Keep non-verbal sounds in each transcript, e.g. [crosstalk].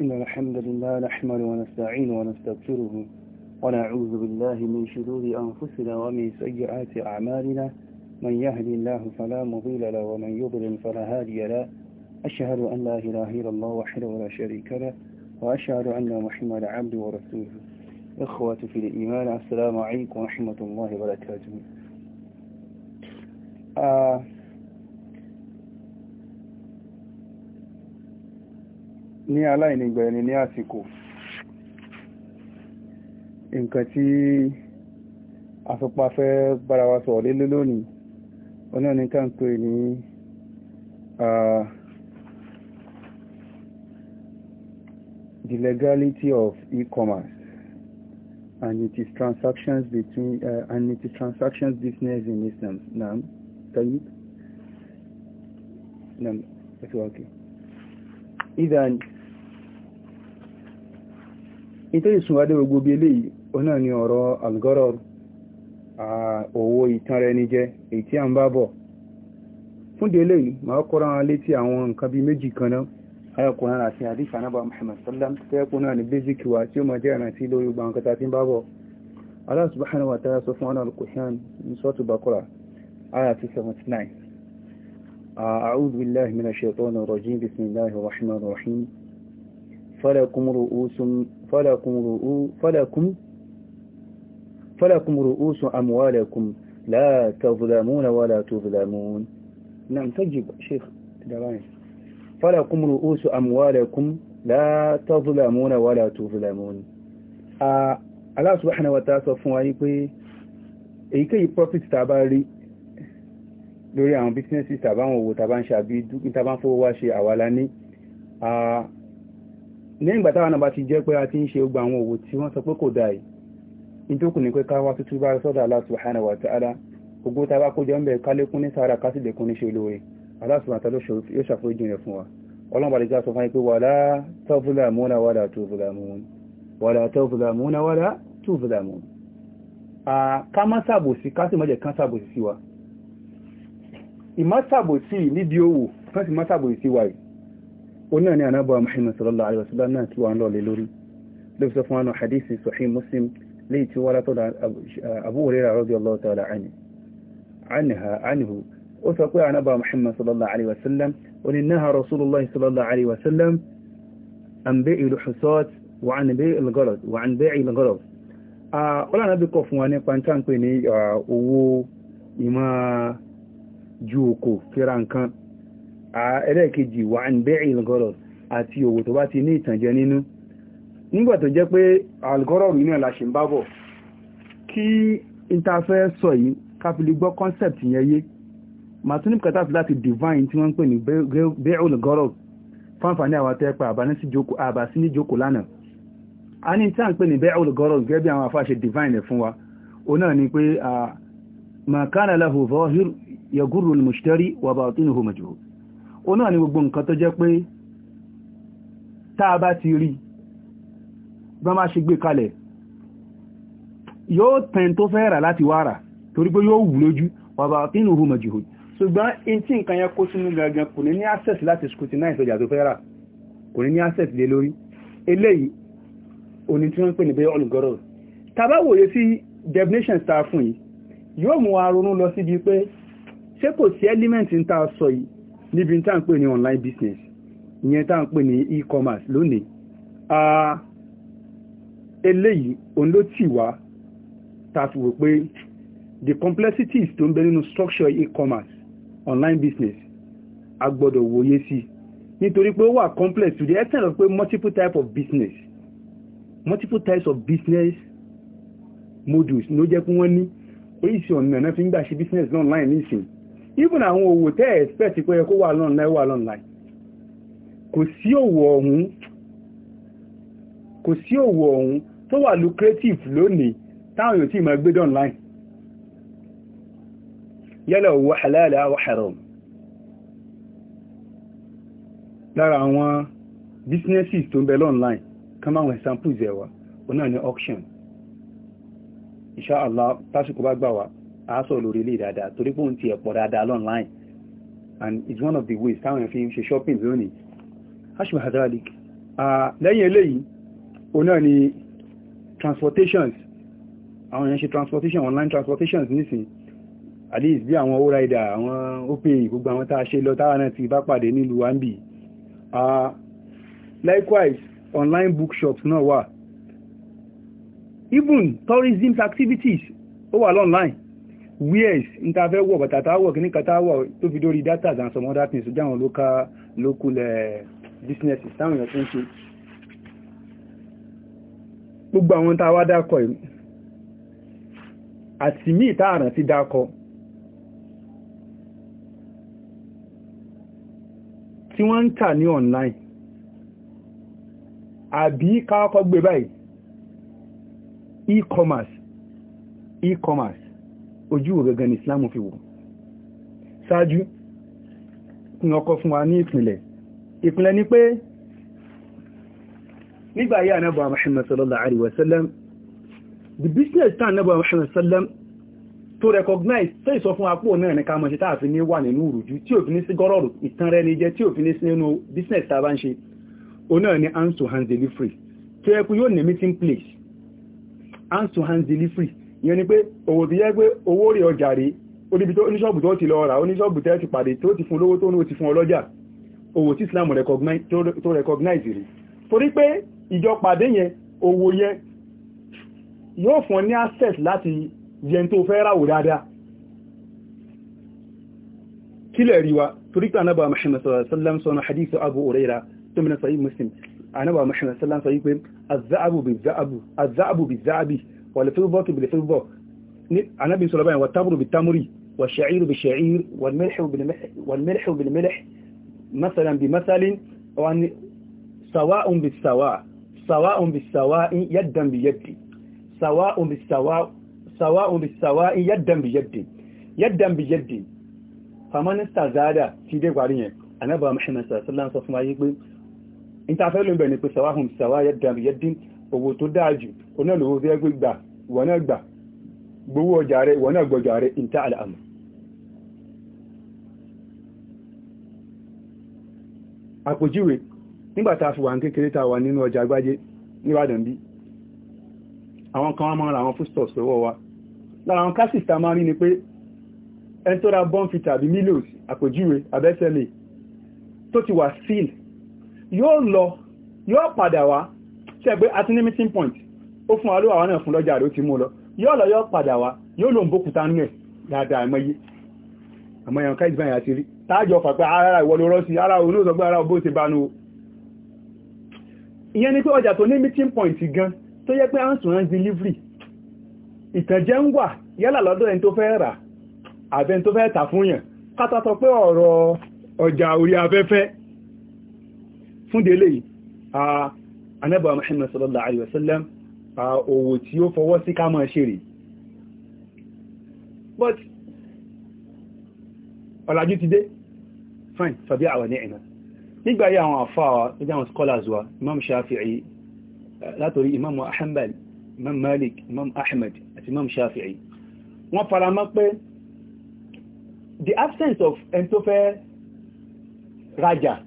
إن الحمد لله نحمل ونستعين ونستغفره ونعوذ بالله من شرور أنفسنا ومن سيئات أعمالنا من يهدي الله فلا مضل له ومن يضلل فلا هادي له أشهد أن لا إله إلا الله وحده لا شريك له وأشهد أن محمدا عبده ورسوله إخوة في الإيمان السلام عليكم ورحمة الله وبركاته آه ní aláìnígbà ẹni ní àsìkò nǹkan tí afẹ́páfẹ́ bára wa sọ̀rọ̀ lé lónìí ọ̀nà ní káńpé ní the legality of e-commerce and it is transactions between uh, and it is transactions business in Islam. Naam, Tayyib. Naam, that's okay. إذن nítorí ìsúnwádé gbogbo bí eléyìí òun náà ni ọ̀rọ̀ algọ́rọ̀ owó ìtanra ẹni jẹ èyí tí a ń bá bọ̀ fúndé eléyìí máa kọ́ra wọn létí àwọn nǹkan bíi méjì kan náà ayọkùnrin àti àdífà náà bá Muhammad sallam tẹ́ẹ̀kùn náà ni basic wa tí ó máa jẹ́ ìrántí lórí gbàǹkà tí ń bá bọ̀ Allah subhanahu wa falakum ru'usu amwalakum la tazlamuna wala tuzlamun na'am tajib sheikh dabani falakum ru'usu amwalakum la tazlamuna wala tuzlamun a Allah subhanahu wa ta'ala sọ fún wa yí pé èyíkéyìí profit tá bá rí lórí àwọn businesses tàbáwọn owó tàbá ń ṣe àbí dúkítà bá ń fowó wá ṣe àwàlá ní lẹ́yìn ìgbà táwọn àbá ti jẹ́ pé a ti ń ṣe gbogbo àwọn òwò tí wọ́n sọ pé kò dáa yìí nítòkù ní pé ká wá bá sọ́dọ̀ Allah subhanahu wa ta'ala gbogbo tá a bá kójọ ń bẹ̀ ká lékún ní sára ká sì lékún ní ṣe olóore Allah wala tazlamuna wala tuzlamun wala tazlamuna wala tuzlamun ká má ṣàbòsí ká sì má jẹ́ kán ṣàbòsí sí wa ìmá ṣàbòsí níbi òwò kán sì má ṣàbòsí sí oní àní anábọ̀ Muhammad sallallahu alaihi wasallam náà tí wọ́n lọ́ọ̀lẹ́ lórí lóbi sọ fún wọn hadithi sahih Muslim léyìí tí wọ́n látọ̀dọ̀ Abu Hurairah radiyallahu ta'ala anhu ó sọ pé anábọ̀ Muhammad sallallahu alaihi wasallam oní náà rasulullah sallallahu alaihi wasallam an bẹ́ ìlú husot wa an bẹ́ ìlú gọ́lọ̀t wa an bẹ́ ìlú gọ́lọ̀t ọlọ́nà ní owó ìmọ̀ ẹlẹ́ẹ̀kejì wà ń bẹ́ ìlgọ́rọ̀ àti òwò tó bá ti ní ìtànjẹ nínú nígbà tó jẹ́ pé algọ́rọ̀ mìíràn la ṣe ń bábọ̀ kí interfere sọ yìí káfílì gbọ́ concept yẹn yé martin bukata fi láti divine tí wọ́n pè ní bẹ́ ìlgọ́rọ̀ fáǹfààní àwọn atẹ́pà àbásí ní ní tí a o náà ni gbogbo nǹkan tó jẹ́ pé táa bá ti rí bá máa ṣe gbé kalẹ̀ yóò tẹ́n tó fẹ́ rà láti wá rà torí pé yóò wù lójú wàbà inú hù mọ̀jìhù ṣùgbọ́n in tí nǹkan yẹn kó sínú gangan kò ní ní access láti scrutinize ọjà tó fẹ́ rà kò ní ní access lé lórí definition star fún yìí yóò mú wa ronú element ń níbi tá à ń pè ní online business ìyẹn tá à ń pè ní e-commerce lónìí eléyìí òun ló tì wá ta fi wò pé the complexities tó ń bẹ nínú structure e-commerce online business a gbọ́dọ̀ wòye sí nítorí pé ó wà complex to the extent of pé multiple type of business multiple types of business modules ló jẹ́ pé wọ́n ní oríṣi ọ̀nà náà fi ń gbà ṣe business online nísìnyí even àwọn òwò tẹ́ expect pé ẹ kó wà lọ́nà wà lọ́nà kò sí òwò ọ̀hún kò sí òwò ọ̀hún tó wà lucrative lónìí táwọn yóò tí ma gbé dán láì yálà òwò halal aw haram lára àwọn businesses tó ń bẹ lọ́nà kan máa wọn samples ẹ̀wà onáà auction insha Allah tásìkò bá gbà wá aṣọ lórí ilé dáadáa torí pé òun ti ẹ̀pọ̀ dáadáa online and it's one of the ways táwọn fi ń ṣe shopping lónìí aṣọ hazalik lẹ́yìn eléyìí òun náà ni transportations àwọn èèyàn ṣe transportation online transportations nísìn at least bí àwọn owóraidà àwọn opay gbogbo àwọn tá a ṣe lọ táwọn náà ti bá pàdé nílùú ambi likewise online bookshops náà wà even tourism activities ó wà lọ́nline wears níta fẹ́ wọ̀ bàtà táwọ̀ kí ní kàtàwọ̀ tó fi dórí data and some other things jáwọn local local eh, businesses táwọn èèyàn tó ń ṣe gbogbo àwọn tá a wá dákọ̀ ìlú àti mí ìtaàràn ti dákọ̀ tí wọ́n ń tà ní online àbí káàkọ́ gbé báyìí e-commerce e-commerce ojú gangan ní islam fi wò ṣáájú kí wọ́n kọ́ fún wa ní ìpìnlẹ̀ ìpìnlẹ̀ ni pé nígbà yí ànábà Muhammad sallallahu alaihi wasallam the business tán ànábà Muhammad sallam to recognize tẹ́ ìsọ fún apó náà ní kàmọ̀ sí tààfin ní wà nínú ìrújú tí òfin sí gọ́rọ̀rù ìtàn rẹ̀ ní jẹ́ tí òfin sí nínú business tàbá ń ṣe o náà ni hands to hands delivery tó yẹ kú yóò ní meeting place hands to hands delivery ìyẹn ni pé òwò ti jẹ́ pé owó rè ọjà rè oníbi tó oníṣọ́ọ̀bù tó ti lọ rà oníṣọ́ọ̀bù tẹ́ ti pàdé tó ti fún lówó tó ní ti fún ọlọ́jà òwò tí Islam tó recognize rè torí pé ìjọ pàdé yẹn owó yẹn yóò fún ní access láti yẹn tó fẹ́ ráwò dáadáa kílẹ̀ rí wa torí pé anábà Muhammad sallallahu alaihi wasallam hadith Abu Hurairah tó mìíràn sahih Muslim anábà Muhammad sallam alaihi wasallam sọ yí pé az-za'abu zaabi والفضة بالفضة النبي صلى الله عليه وسلم والتمر بالتمر والشعير بالشعير والملح بالملح والملح بالملح مثلا بمثل وأن سواء بالسواء سواء بالسواء يدا بيد سواء بالسواء سواء بالسواء يدا بيد يدا بيد فمن استزاد في دي غارين انا با محمد صلى الله عليه وسلم sọ fún wa yìí pé in ta fẹ́ lo nbe ni pé سواء بالسواء يدا بيد owó tó dájú oná lówó tó yẹ pé gbà ìwọ náà gbà gbowó ọjà rẹ ìwọ náà gbọjà rẹ ìta àlàmù àpòjúwe nígbàtà fi wà ní kékeré ta wà nínú ọjà agbájé níbàdàn bí àwọn kan wá máa ra àwọn foodstuffs lọ́wọ́ wa lára àwọn kásìs ta máa rí ni pé ẹn tó ra bọ́nfì tàbí milos àpòjúwe abẹ́sẹ̀lẹ̀ tó ti wà seal yóò lọ yóò padà wá ṣe pé at point ó fún alówà wọn náà fún lọ́jà rẹ̀ ó ti mú lọ yóò lọ yóò padà wá yóò lòun bókúta nú ẹ̀ dáadáa àmọ́yé àmọ́ ẹ̀yàn ká ìsìbáyà ti rí táàjọ pàpẹ́ ara ìwọ ló rọ́sí ara òun ló sọ pé ara bó ti bá nu ìyẹn ni pé ọjà tó ní meeting point gan tó yẹ pé answer and delivery ìtànjẹ ń wà yálà lọ́dọ̀ ẹni tó fẹ́ rà àbẹ́ni tó fẹ́ tà fún yàn kátà sọ pé ọ̀rọ̀ ọjà orí afẹ́fẹ́ fún délé yìí anábà ah, Muhammad sallallahu alaihi wasallam òwò tí ó fọwọ́ sí ká máa ṣe rè but ọ̀làjú ti dé fine tàbí àwọn ní ẹ̀nà nígbà yí àwọn àfáà nígbà àwọn scholars wa imam shafi'i látorí imam ahambal imam malik imam ahmed àti imam shafi'i wọ́n fara mọ́ pé the absence of ẹni tó fẹ́ rajà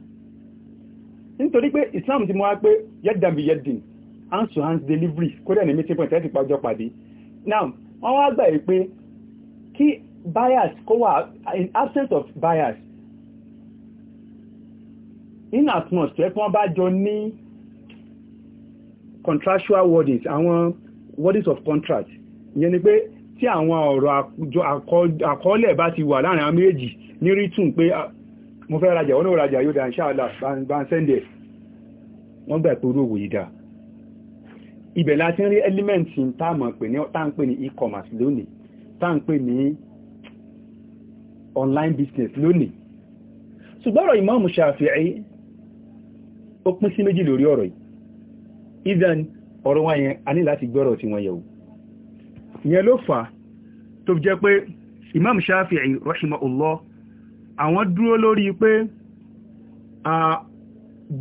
nítorí pé islam ti mọ́ wá pé yẹ́dàmì yẹ́dìn hands to hands delivery kódà ní meeting point ẹ̀ẹ́dì pàjọ pàdé now wọ́n wá gbà yìí pé kí bias kó wà in absence of buyers. in as much tó ẹ́ bá jọ ní contractual wordings àwọn wordings of contract ìyẹn ni pé tí àwọn ọ̀rọ̀ àkọọ́lẹ̀ bá ti wà láàrin àwọn méjì ní rítùn pé ah, mo fẹ́ rajà wọ́n náà rajà yóò dá inshallah bá ń sẹ́ndẹ̀ wọ́n gbà pé orú dáa ibẹ̀ láti rí ẹ́límẹ́ǹtì táàmà pè ní táàpè ní e-commerce lónìí táàpè ní online business lónìí ṣùgbọ́rọ̀ Imam Shafi'i ó pín sí méjì lórí ọ̀rọ̀ yìí even ọ̀rọ̀ wọn yẹn a ní láti gbọ́rọ̀ tí wọ́n yẹ̀wò ìyẹn ló fà tó jẹ́ pé Imam Shafi'i rahimahullah àwọn dúró lórí pé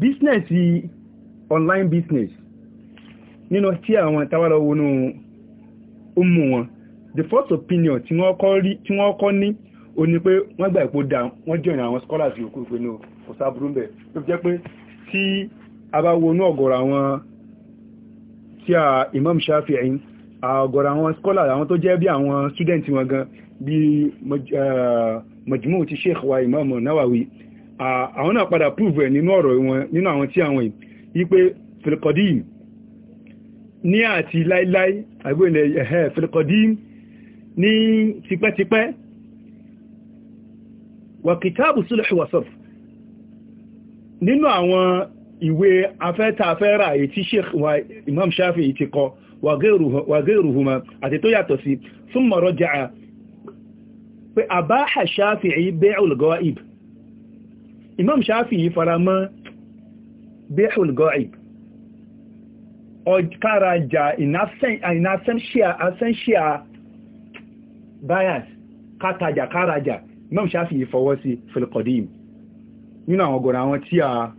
business online business nínú tí àwọn tàwàlọ̀ wọnú ọmọ wọn the first opinion tí wọ́n kọ́ ní o ní pé wọ́n gbà ìpò dá wọ́n jẹ́ àwọn scholars yòókù ìpinnu kò sáburú bẹ̀ tó jẹ́ pé tí a bá wọnú ọ̀gọ̀rọ̀ àwọn tí a Imam Shafi'i ọ̀gọ̀rọ̀ àwọn scholars àwọn tó jẹ́ bí àwọn student wọn gan bí eh, majmu ti Sheikh wa Imam Nawawi àwọn náà padà prove ẹ̀ nínú ọ̀rọ̀ wọn nínú àwọn tí àwọn yìí pé filqadim ní àti láíláí àgbóyìnlẹ̀ ẹ̀hẹ́ fil-qadim ní tipẹ́tipẹ́ wa kitabu sulh wa sarf nínú àwọn ìwé afẹ́tafẹ́ra èyí tí sheikh wa imam shafi'i ti kọ wa ghayruhuma àti tó yàtọ̀ sí thumma raja'a pé abaha shafi'i bay'ul gha'ib imam shafi'i faramọ́ bay'ul gha'ib kárajà in absentia bias kátajà kárajà imam shafi fọwọ́ sí filikodim nínú àwọn ọgọ̀rọ̀ àwọn tí a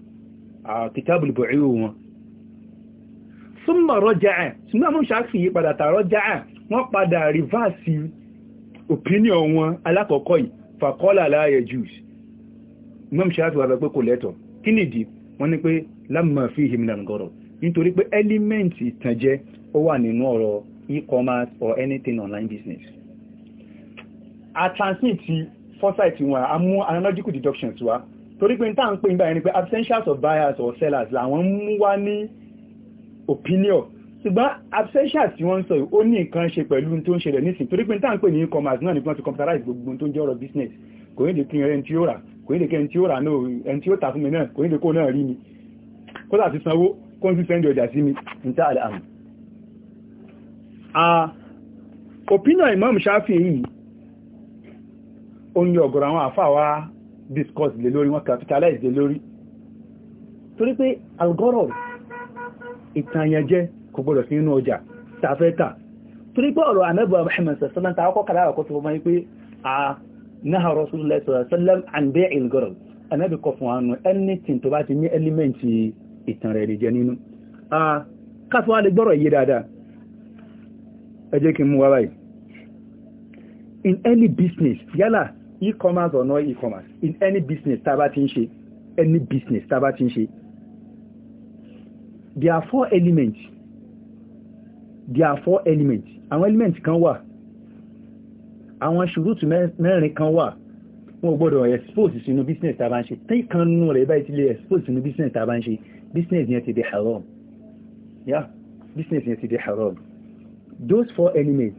kìtàbùl bọ̀ríwò wọn súnmọ̀ rọ́jà ẹ̀ súnmọ̀ imam shafi yí padà tààrọ́ já ẹ̀ wọ́n padà rìvásí opinion wọn alákọ̀ọ́kọ́ yìí fàkọ́lá láàyè jews imam shafi wà pẹ́ kò lẹ́tọ̀ kí nìdí nítorí pé ẹ́límẹ́ǹtì ìtànjẹ ó wà nínú ọ̀rọ̀ e-commerce or anything online business a transmit foresight wọn a mú analogical deductions wa torí pé n táà ń pè nígbà yẹn pé absentials of buyers or sellers làwọn mú wá ní opinion ṣùgbọ́n absentials tí wọ́n ń sọ ó ní nǹkan ṣe pẹ̀lú tó ń ṣẹlẹ̀ nísìn torí pé n táà ń pè ní e-commerce náà ni wọ́n ti computerize gbogbo tó ń jẹ́ ọ̀rọ̀ business kò ní lè kí ẹni tí ó rà kò ní lè kí ẹni tí ó rà náà ẹni tí ó tà fún mi náà kò ní lè kó náà rí mi kó kó ń sí sẹ́ndì ọjà sí mi níta àdáàmù opinion imam shafi yìí ó ní àwọn àfáà discuss lè lórí wọn capitalize lè lórí torí pé algọ́rọ̀ ìtànyànjẹ kò gbọdọ̀ sí inú ọjà tàfẹ́ta torí pé ọ̀rọ̀ àmẹ́bọ̀ Muhammad sallam ta a náà Rasulullah sallam and bay il gọ́rọ̀ àmẹ́bì anything tó bá ti ìtàn rẹ̀ lè jẹ nínú káfí wá lè gbọ́rọ̀ yìí dáadáa ẹ kí mú wá báyìí in any business yálà e-commerce or no e-commerce in any business tábá ti ń ṣe any business tábá ti ń ṣe there are four elements there are four elements àwọn elements kan wà àwọn ṣùrùtù mẹ́rin kan wà wọn gbọ́dọ̀ expose sínú business tàbá ń ṣe tí kan nù rẹ̀ báyìí ti lè expose sínú business tàbá ń ṣe business yẹn ti di haram yeah business yẹn ti di haram those four enemies.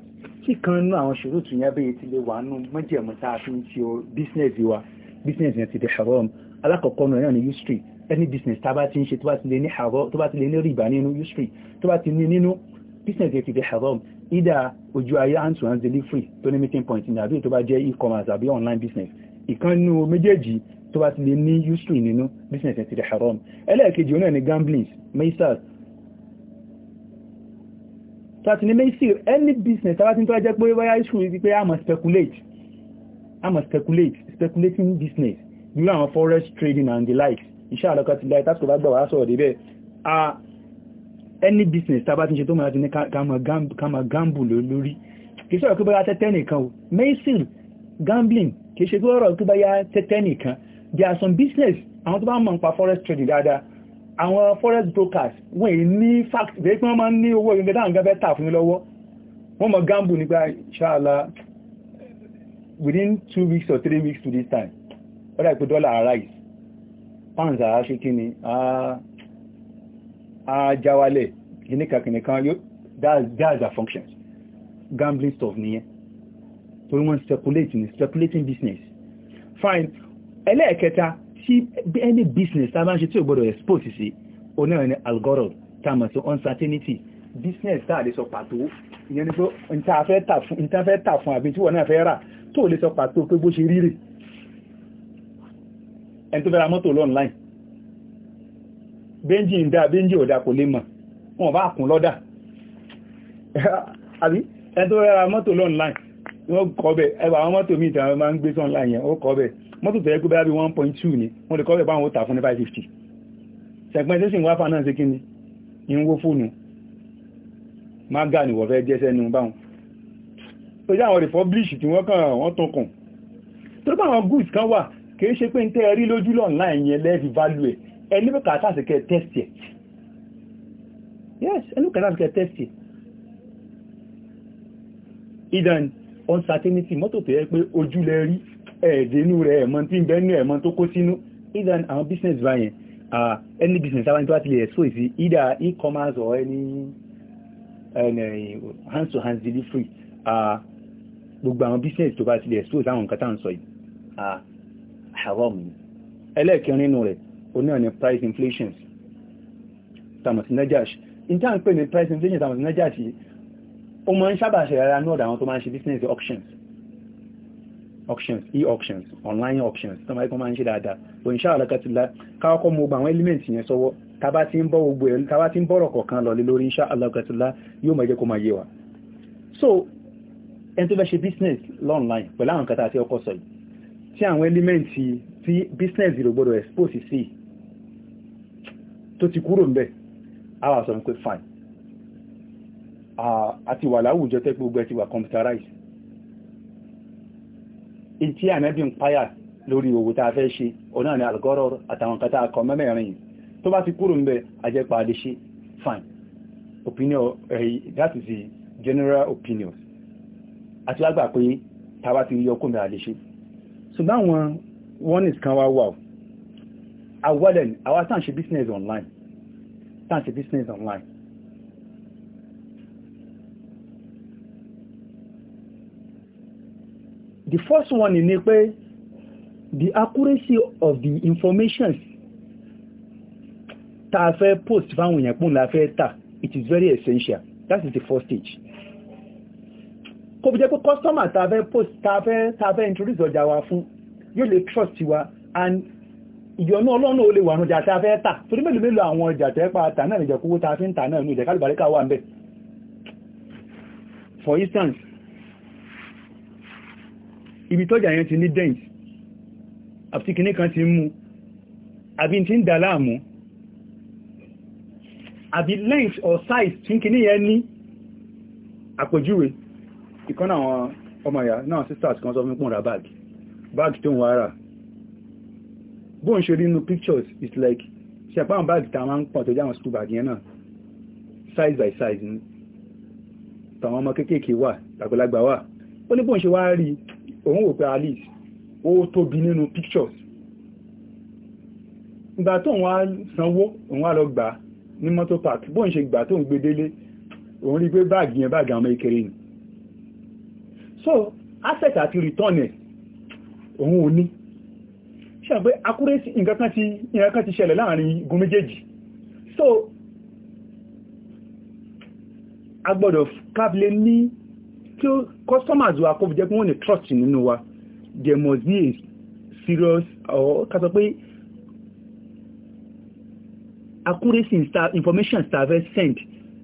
tí kan nú àwọn ṣòrótù yẹn bẹ́yẹ ti lè wà nú mọ́jẹ̀mú tá a fi ń ṣe business wa business yẹn ti di haram alákọ̀ọ́kọ́ náà ní history any business tá bá ti ń ṣe tó bá ti lè ní haram tó bá ti lè ní rìbá nínú history tó bá ti ní nínú business yẹn ti di haram either ojú ayé hand to hand delivery tó ní meeting point ní àbí tó bá jẹ́ e-commerce àbí online business ìkan nú méjèèjì tó bá ti lè ní useful nínú business ẹ̀ ti di haram ẹlẹ́ẹ̀kejì onáà ni gamblings maisal tàti ní maisir any business tàbátí tó jẹ́ pé wáyá issue is pé a máa speculate a máa speculate speculating business irú àwọn forest trading and the likes iṣẹ́ àlọ́kọ́ ti láì tàbí bá gbàwà sọ̀rọ̀ débẹ̀ any business tàbátí ṣe tó máa ti ní ká máa gamble lórí kìí sọ̀rọ̀ kí bá yá tẹ́tẹ́ nìkan o gambling kìí ṣe tó rọ̀ kí bá yá tẹ́tẹ́ nìkan there are some business àwọn tó bá mọ̀ nípa forest trading dáadáa àwọn forest brokers wọ́n èyí ní fact bẹ́ẹ̀ pé wọ́n máa ń ní owó ìgbẹ́ táwọn gẹ́gẹ́ tà fún mi lọ́wọ́ wọ́n mọ̀ gamble nípa ṣáàlá within two weeks or three weeks to this time whether you put dollar arise pounds are ṣe kí ni a jáwálẹ̀ kìníkà kìníkà yóò that's their functions gambling stuff nìyẹn torí wọ́n speculate ni speculating business fine ẹlẹ́ẹ̀kẹta tí any business tá a bá ń ṣe tí ò gbọ́dọ̀ expose sí onáà ní algorithm tá a mọ̀ sí uncertainty business tá a lè sọ pàtó ìyẹn ni pé nta fẹ́ tà fún àbí tí wọ́n náà fẹ́ rà tó lè sọ pàtó pé bó ṣe rírì ẹni tó fẹ́ ra mọ́tò lọ online bẹ́ńjì ń dá bẹ́ńjì ọ̀dà kò lè mọ̀ wọn bá kún lọ́dà [laughs] àbí ẹni mọ́tò lọ online wọ́n kọ́ bẹ̀ ẹwà àwọn mọ́tò míì tàbí máa ń gbé sọ́nláìn yẹn ó kọ́ bẹ̀ mọ́tò tẹ̀yẹ́ pé bí 1.2 ni wọ́n lè kọ́ bẹ̀bá àwọn òtà fún ní 550 segmentation wá fà náà sí kíni ìwó fóònù maga ni wọ́n fẹ́ jẹ́sẹ́ ní báwọn tó jẹ́ àwọn republish tí wọ́n kàn wọ́n tó kàn tó bá àwọn goods kan wà kìí ṣe pé ń tẹ́ rí lójú online yẹn lẹ́ẹ̀fì value ẹ̀ ẹni bẹ́ẹ̀ kàtà sí kẹ́ yes ẹni kàtà sí kẹ́ test ẹ̀ idan uncertainty mọ́tò tẹ̀yẹ́ pé ojú rí ẹ̀ẹ́dínú rẹ̀ ẹ̀mọ́ tí ń bẹ́nu ẹ̀mọ́ tó kó sínú either àwọn business bá yẹn any business àwọn tó wá ti lè ẹ̀sọ́ ìsí either e-commerce or any hands to hands delivery gbogbo àwọn business tó bá ti lè ẹ̀sọ́ ìsáwọn nǹkan tá à ń sọ yìí haram ni ẹlẹ́ẹ̀kẹrin nínú rẹ̀ ó náà price inflation tamasi najash in tá à ń ní price inflation tamasi najash ó máa ń sábà ṣẹ̀rẹ̀ ara ní ọ̀dọ̀ àwọn tó máa ń ṣe business options auctions e-auctions online auctions tó máa kọ́ máa ń ṣe dáadáa so insha Allah katila káwọ́kọ́ mo gba àwọn element yẹn sọ́wọ́ tàbá ti ń bọ́ gbogbo ẹ̀ tàbá ti ń bọ́rọ̀ kọ̀ọ̀kan lọ lé lórí insha Allah katila yóò máa jẹ́ kó máa yé wa so ẹni tó fẹ́ ṣe business online pẹ̀lú àwọn kata àti ọkọ̀ sọ yìí tí àwọn element tí business rẹ̀ gbọ́dọ̀ expose sí tó ti kúrò ń bẹ̀ àwọn àti wà láwùjọ tẹ́ gbogbo ẹ ti wà computerized in tí ànábì ń páyà lórí owó tá a fẹ́ ṣe ọ̀nà ni algọ́rọ̀ àtàwọn kata akọ mẹ́mẹ́rin tó bá ti kúrò ń bẹ ajẹ́pa lè ṣe fine opinion eh, that is the general opinion àti lágbà pé tàbá ti rí ọkùn mẹ́ra lè ṣe ṣùgbọ́n àwọn warnings kan wá wà awọ́lẹ̀ àwọn tàn ṣe business online tàn ṣe business online the first one ni pé the accuracy of the information ta fẹ́ post fáwọn èèyàn pún la fẹ́ ta it is very essential that is the first stage kò bí jẹ́ pé customer ta fẹ́ post ta fẹ́ ta fẹ́ introduce ọjà wa fún yóò lè trust you and ìyọnú ọlọ́nà olè wà nùjà tí a fẹ́ tà torí mélòó mélòó àwọn ọjà tẹ́ pa tà náà nìjẹ̀kúwó ta fi ń tà náà nù ìjẹ̀kálùbáríkà wà ń bẹ̀ for instance ibi tọ́jà yẹn ti ní dent àti kìíní kan ti mú àbí tí ń dà láàmú àbí length or size tí kìíní yẹn ní àpèjúwe ìkan àwọn ọmọ ìyá náà sisters kan sọ fún pọ̀nra báàgì báàgì tó ń wá rà bó ń ṣe rí inú pictures is like ṣe àpáwọn báàgì tàwọn máa ń pọ̀ tó jáwọn school bag yẹn náà size by size ni tàwọn ọmọ kéékèèké wà tàgbàlagbà wà ó ní bó ń ṣe wá rí òun wò pé alice ó tóbi nínú pictures ìgbà tó òun á sanwó òun á lọ gbà ní mọ́tò park bóun ṣe gbà tó ń gbé délé òun rí pé báàgì yẹn báàgì àwọn ìkéré ni so asset àti return ẹ̀ òun ò ní ṣe pé accuracy nǹkan kan ti ṣẹlẹ̀ láàrin igun méjèèjì so a gbọ́dọ̀ kábílẹ̀ ní kí customers wa kó fi jẹ́ pé wọ́n ní trust nínú wa there must be a serious or ká sọ pé accuracy in information star fẹ́ send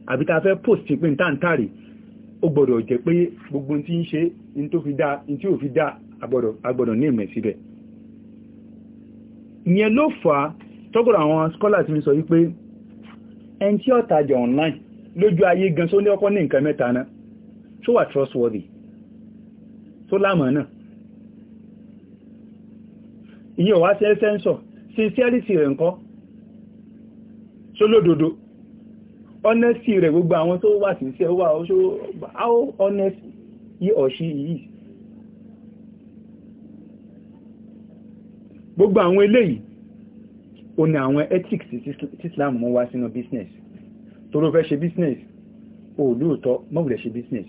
àbí ta fẹ́ post pé n táǹtàrí ó gbọ́dọ̀ jẹ́ pé gbogbo tí ń ṣe in tó fi dá in tí ò fi dá agbọ́dọ̀ ní ìmẹ̀ síbẹ̀ ìyẹn ló fà á tọ́gọ̀rọ̀ àwọn scholars mi sọ wípé ẹni tí ó online lójú ayé gan só ní ọkọ́ ní nǹkan mẹ́ta náà tó wà trustworthy tó lámọ̀ náà ìyẹn wá sí ẹ́sẹ́ńsọ̀ sincerity rẹ̀ ńkọ́ tó lódodo honesty rẹ̀ gbogbo àwọn tó wà sí iṣẹ́ wà ó how honest he or she is gbogbo àwọn eléyìí o ní àwọn ethics tí Islam mú wá sínú business tó ló fẹ́ ṣe business o lóòótọ́ mọ́wùlẹ̀ ṣe business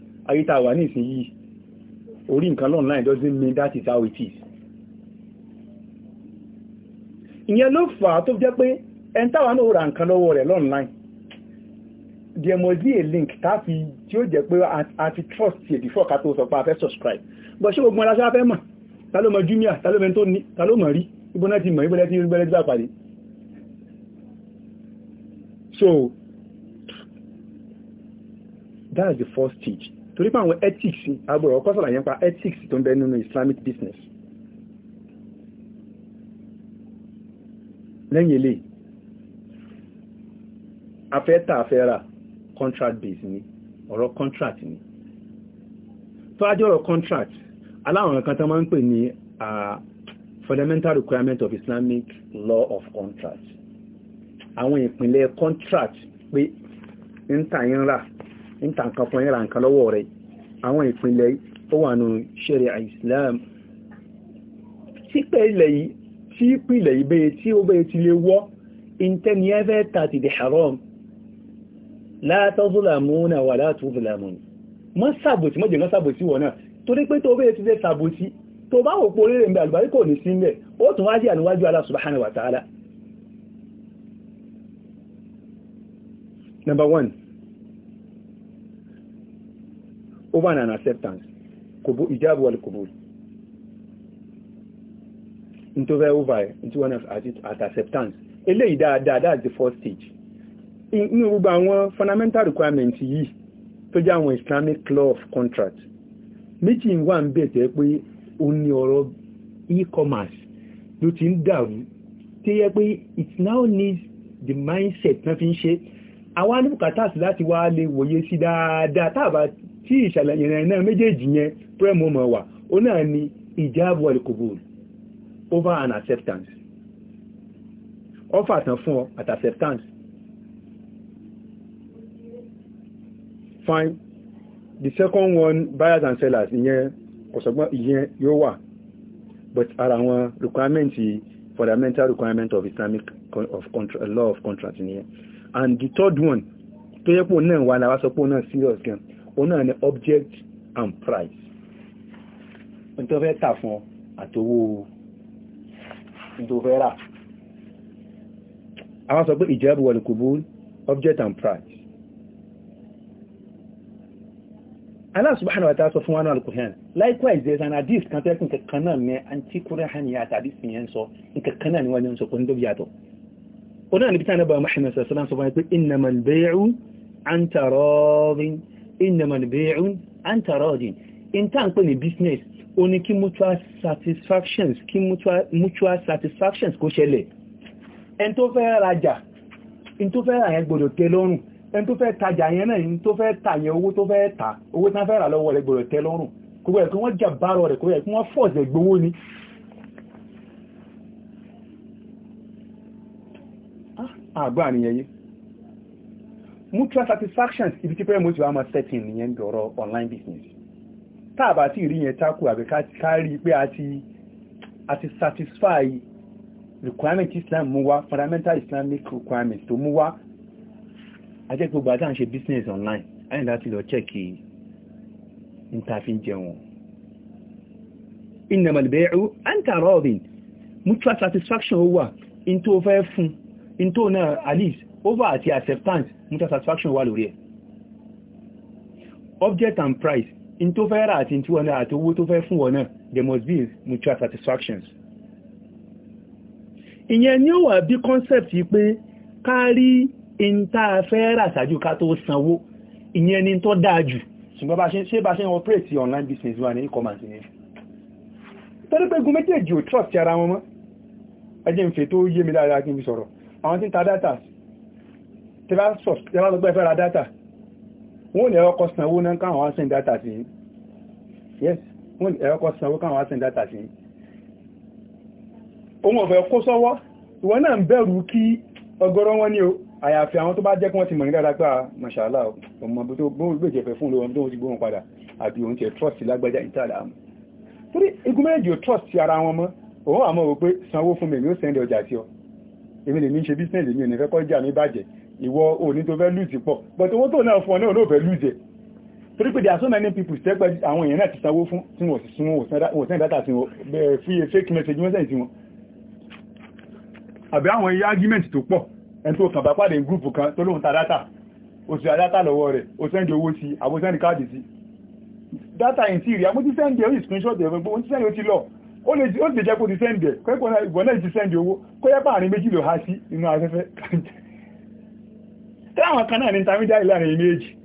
ayé tá a wà ní ìsìn yìí orí nǹkan online doesn't mean that is how it is ìyẹn ló fà á tó jẹ́ pé ẹn táwa náà ra nǹkan lọ́wọ́ rẹ̀ online there must be a link táfi tí ó jẹ́ pé a ti trust ye before ká tó sọ pé a fẹ́ subscribe bọ́ ṣé gbogbo aláṣẹ́ afẹ́ mọ̀ ta ló mọ̀ junior ta ló mọ̀ tó ní ta ló mọ̀ rí ibo náà ti mọ̀ ibo náà ti rí ibo náà the first stage torí pé àwọn ethics agbọ̀rọ̀ ọkọ́ sọ̀rọ̀ yẹn pa ethics tó ń bẹ nínú islamic business lẹ́yìn ilé afẹ́ta afẹ́ra contract base ni ọ̀rọ̀ contract ni tó ajọ́ ọ̀rọ̀ contract aláwọn kan tó máa ń pè ní fundamental requirement of islamic law of contract àwọn ìpìlẹ̀ contract pé ń tàyín rà ń ta nǹkan fún ẹ̀rà nǹkan lọ́wọ́ rẹ̀ àwọn ìpínlẹ̀ ó wà nù ṣẹ̀rẹ̀ Islam sípẹ̀ ilẹ̀ yìí tí ìpínlẹ̀ yìí bẹ́ẹ̀ tí ó bẹ́ẹ̀ ti lè wọ́ ìntẹ́ni ẹfẹ́ ta ti di haram látọ́zùlàmúnà wà látọ́zùlàmúnà mọ́ sàbòsí mọ́ jẹ̀gán sàbòsí wọ̀ náà torí number one over an acceptance ìjábù wal qubul into very over into one of at acceptance eléyìí dáadáa that's the first stage inú gbogbo àwọn fundamental requirement yìí tó jẹ́ àwọn islamic law of contract méjì ń wà ń bẹ̀ tẹ́ pé ó ní ọ̀rọ̀ e-commerce ló ti ń dàrú tí yẹ pé it now needs the mindset náà fi ń ṣe àwọn anúbùkátà sí láti wá lè wòye sí dáadáa táàbà tí ìṣàlẹ̀ yẹn náà méjèèjì yẹn premo mọ̀ wà ó náà ni ìjáàbù alikobol over an acceptance offer àtàn fún ọ at acceptance fine the second one buyers and sellers ìyẹn ọ̀sọ̀gbọ́n ìyẹn yóò wà but ara wọn requirement fundamental requirement of Islamic of contra, law of contract nìyẹn and the third one tó yẹ pò náà wà láwá sọ pò náà serious gan òun náà ni object and price n tó fẹ́ tà fún àtowó n tó fẹ́ rà àwọn sọ pé ìjẹ́bù wal qubul object and price Allah subhanahu wa ta'ala sọ fún wa náà al likewise there is an hadith kan tẹ́kùn kankan náà ní antikúrẹ́ hàníyà tàbí sí yẹn sọ kankan náà ni wọ́n yẹn sọ kò ní dóbi yàtọ̀ onáà níbi tánàbà Muhammad sallallahu alaihi wasallam sọ fún wa innamal bay'u an taradin innamal bay'un an taradin in tá ń pè ní business o ní kí mutual satisfactions kí mutual, satisfactions kó ṣẹlẹ̀ ẹn tó fẹ́ rajà in tó fẹ́ ràyẹn gbọ́dọ̀ tẹ́ lọ́rùn ẹn tó fẹ́ tajà yẹn náà in tó fẹ́ tà yẹn owó tó fẹ́ tà owó tán fẹ́ rà lọ́wọ́ rẹ̀ gbọ́dọ̀ tẹ́ lọ́rùn kò yẹ kí ni àgbà mutual satisfaction ibi tí pẹ́rẹ́ mo ti wá máa setting nìyẹn bí ọ̀rọ̀ online business tá a bá ti rí yẹn tako àbí ká rí pé a ti satisfy requirement Islam mú wá fundamental Islamic requirements tó mú wá a jẹ́ pé gbogbo àti à ń ṣe business online ayé láti lọ chẹ́kì ìntàfin jẹun innamal bay'u anta radin mutual satisfaction ó wà in tó fẹ́ fún in tó náà at least over àti acceptance mutual satisfaction wà lórí ẹ̀ object and price in tó fẹ́ rà àti tí wọ́n náà àti owó tó fẹ́ fún wọn náà there must be mutual satisfactions ìyẹn ni ó wà bí concept yìí pé ká rí in tá fẹ́ rà ṣáájú ká tó sanwó ìyẹn ni tó dáa jù ṣùgbọ́n bá ṣe bá ṣe operate online business wà ní e-commerce ni torí pé gun méjèèjì ò trust ara wọn mọ́ ẹjẹ́ ń fẹ́ tó yé mi dáadáa kí n fi sọ̀rọ̀ àwọn tí ń ta data transfers tẹ́bá lọ gbẹ́fẹ́ ra data wọ́n ní ẹ̀rọ kọ sanwó náà káwọn wá send data sí yes wọ́n ní ẹ̀rọ kọ sanwó káwọn wá send data sí ohun ọ̀fẹ́ kó sọ́wọ́ ìwọ náà ń bẹ̀rù kí ọgọ́rọ́ wọn ní o àyàfi àwọn tó bá jẹ́ kí wọ́n ti mọ̀ ní dáadáa pé ah, màṣàlá ọmọ tó gbóhùn gbèjẹ̀fẹ́ fún lóhun tó ti gbóhùn padà àbí òun ti trust lágbájá ìtàlá àmọ́ torí igun méjì ò trust ti ara wọn mọ́ òun àmọ́ wò pé sanwó fún mi èmi ó sẹ́ndẹ̀ ọjà sí ọ èmi lè ní ṣe business èmi ò ní fẹ́ kọ́ jà mí bàjẹ́ ìwọ òní tó fẹ́ lùtì pọ̀ but owó tó náà fún ọ náà ló fẹ́ lùtì torí pé there are so many people tẹ́gbẹ́ àwọn èèyàn náà ti sanwó fún tí wọ́n sì sún wọ́n send data sí wọn fi fake message wọ́n send sí wọn àbí àwọn iye argument tó pọ̀ ẹni tó kàn bá pàdé group kan tó lóhun ta data ó sì data lọ́wọ́ rẹ̀ ó send owó sí àbó send káàdì sí data in theory àmú ti send ẹ̀rí screenshot ẹ̀rọ gbogbo ti send ó ti lọ ó lè jẹ́ kó ti send ẹ̀ kọ́ ìpọ̀nà ìgbọ̀nà ti send owó kó yẹ́ pààrin méjì lò há sí inú afẹ́fẹ́ táwọn kan náà ní intermediary láàrin méjì